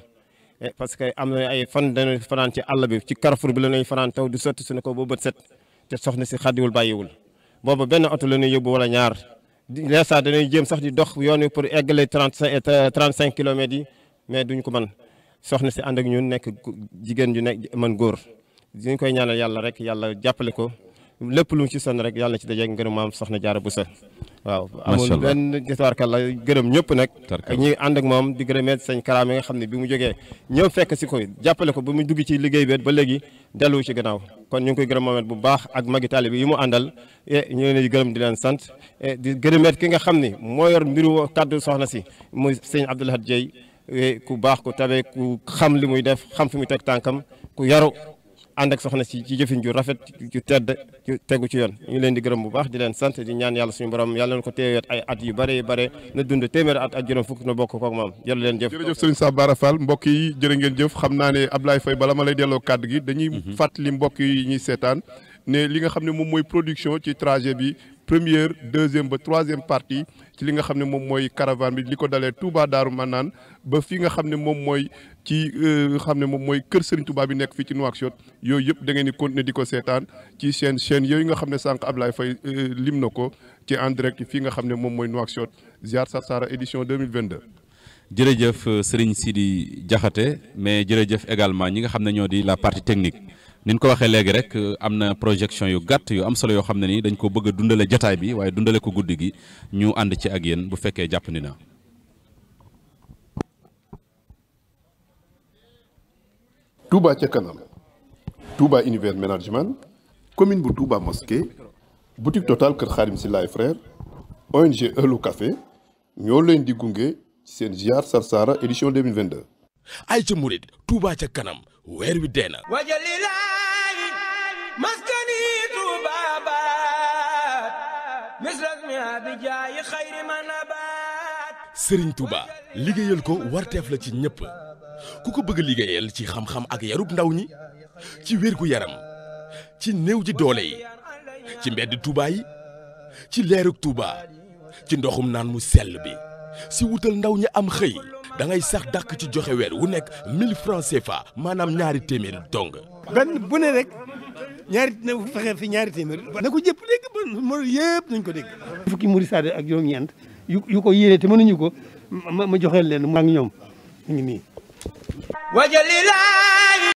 eh, parce que am na ay fan dañuy fanaan ci àll bi ci carrefour bi la ñuy fanaan taw du sotti suñu ko ba bët set te soxna si xaddiwul bàyyiwul booba benn oto la ñuy yóbbu wala ñaar leesa dañuy jéem sax di dox yoon wi pour eggale trente eh, trente cinq kilomètres yi mais duñ ko man soxna si ànd ak ñun nekk jigéen ju nekk mën góor duñ koy ñaanal yàlla rek yàlla jàppale ko lépp lu ci sonn rek yàlla na ci dajeeg ngërëm maam soxna jaar bu sa waaw amul benn tawarkal la gërëm ñëpp nag ak ñi ànd ak moom di gërëmeet señ karaam yi nga xam ne bi mu jógee ñëw fekk si ko jàppale ko ba mu dugg ci liggéey beet ba léegi dellu ci gannaaw kon ñu ngi koy gërëm moomet bu baax ak magi taalibe yi mu àndal e ñu leen gërëm di leen sant eh, di gërëmeet ki nga xam ne moo yor mbiru kàddu soxna si muy sëñ Abdoul Ahad Dieye eh, ku baax ku tabe ku xam li muy def xam fi muy teg tànkam ku ànd ak soxna si ci jëfin ju rafet ju tedd tegu ci yoon ñu leen di gërëm bu baax di leen sant di ñaan yàlla suñu borom yàlla na ko téyeet at yu bare bare na dund téeméer at ak juróom fukk na bokk koog moom jërë leen jëf jërëjëf sëriñ Sa Bara Fall mbokk yi jërë ngeen jëf xam naa ne Ablaye fay bala ma lay delloo kàddu gi dañuy mhm. fàttali mbokk yi ñuy seetaan ne li nga xam ne moom mooy production ci trajet bi première deuxième ba troisième partie ci li nga xam ne moom mooy caravane bi li ko dalee Touba Daaru Manaan ba fi nga xam ne moom mooy ci euh, xam ne moom mooy kër Serigne Touba bi nekk fii ci Nouakchott yooyu yëpp dangeen ngeen di continuer di ko seetaan ci chaîne chaîne yooyu nga xam ne sànq Ablaye Faye euh, lim na ko ci en direct fii nga xam ne moom mooy Nouakchott Ziar Sarsara édition 2022. jërëjëf euh, Serigne di jaxate mais jërëjëf également ñi nga xam ne ñoo di la partie technique. niñ ko waxee léegi rek am na projection yu gàtt yu am solo yoo xam ne ni dañ ko bëgg a dundale jataay bi waaye dundale ko guddi gi ñu ànd ci ak yéen bu fekkee jàpp ni na Touba ca kanam Touba univers management commune bu Touba mosquée boutique Total kër Xaadim Sylla et frère ONG Eulo kafe ñoo leen di gunge ci seen ziar Sarsara édition 2022 ay ca murit Touba ca kanam weer wi dee na wajalilaayi maskani Touba Sëriñ Touba liggéeyal ko warteef la ci ñépp ku ko bëgg liggéeyal ci xam-xam ak yarub ndaw ñi ci gu yaram ci néew ji doole yi ci mbedd Touba yi ci leerug Touba ci ndoxum naan mu sell bi si wutal ndaw ñi am xëy da ngay sax dàkk ci joxe weer wu nekk 1000 francs CFA maanaam ñaari téeméer dong. benn bu ne rek ñaari na fexe fi ñaari téeméeri na ko jëpp dégg ba mor yëpp nañ ko dégg. fukki mu saade ak juróom-ñeent yu yu ko yéene te mënuñu ko ma ma joxeel leen mu ak ñoom ñu ngi nii.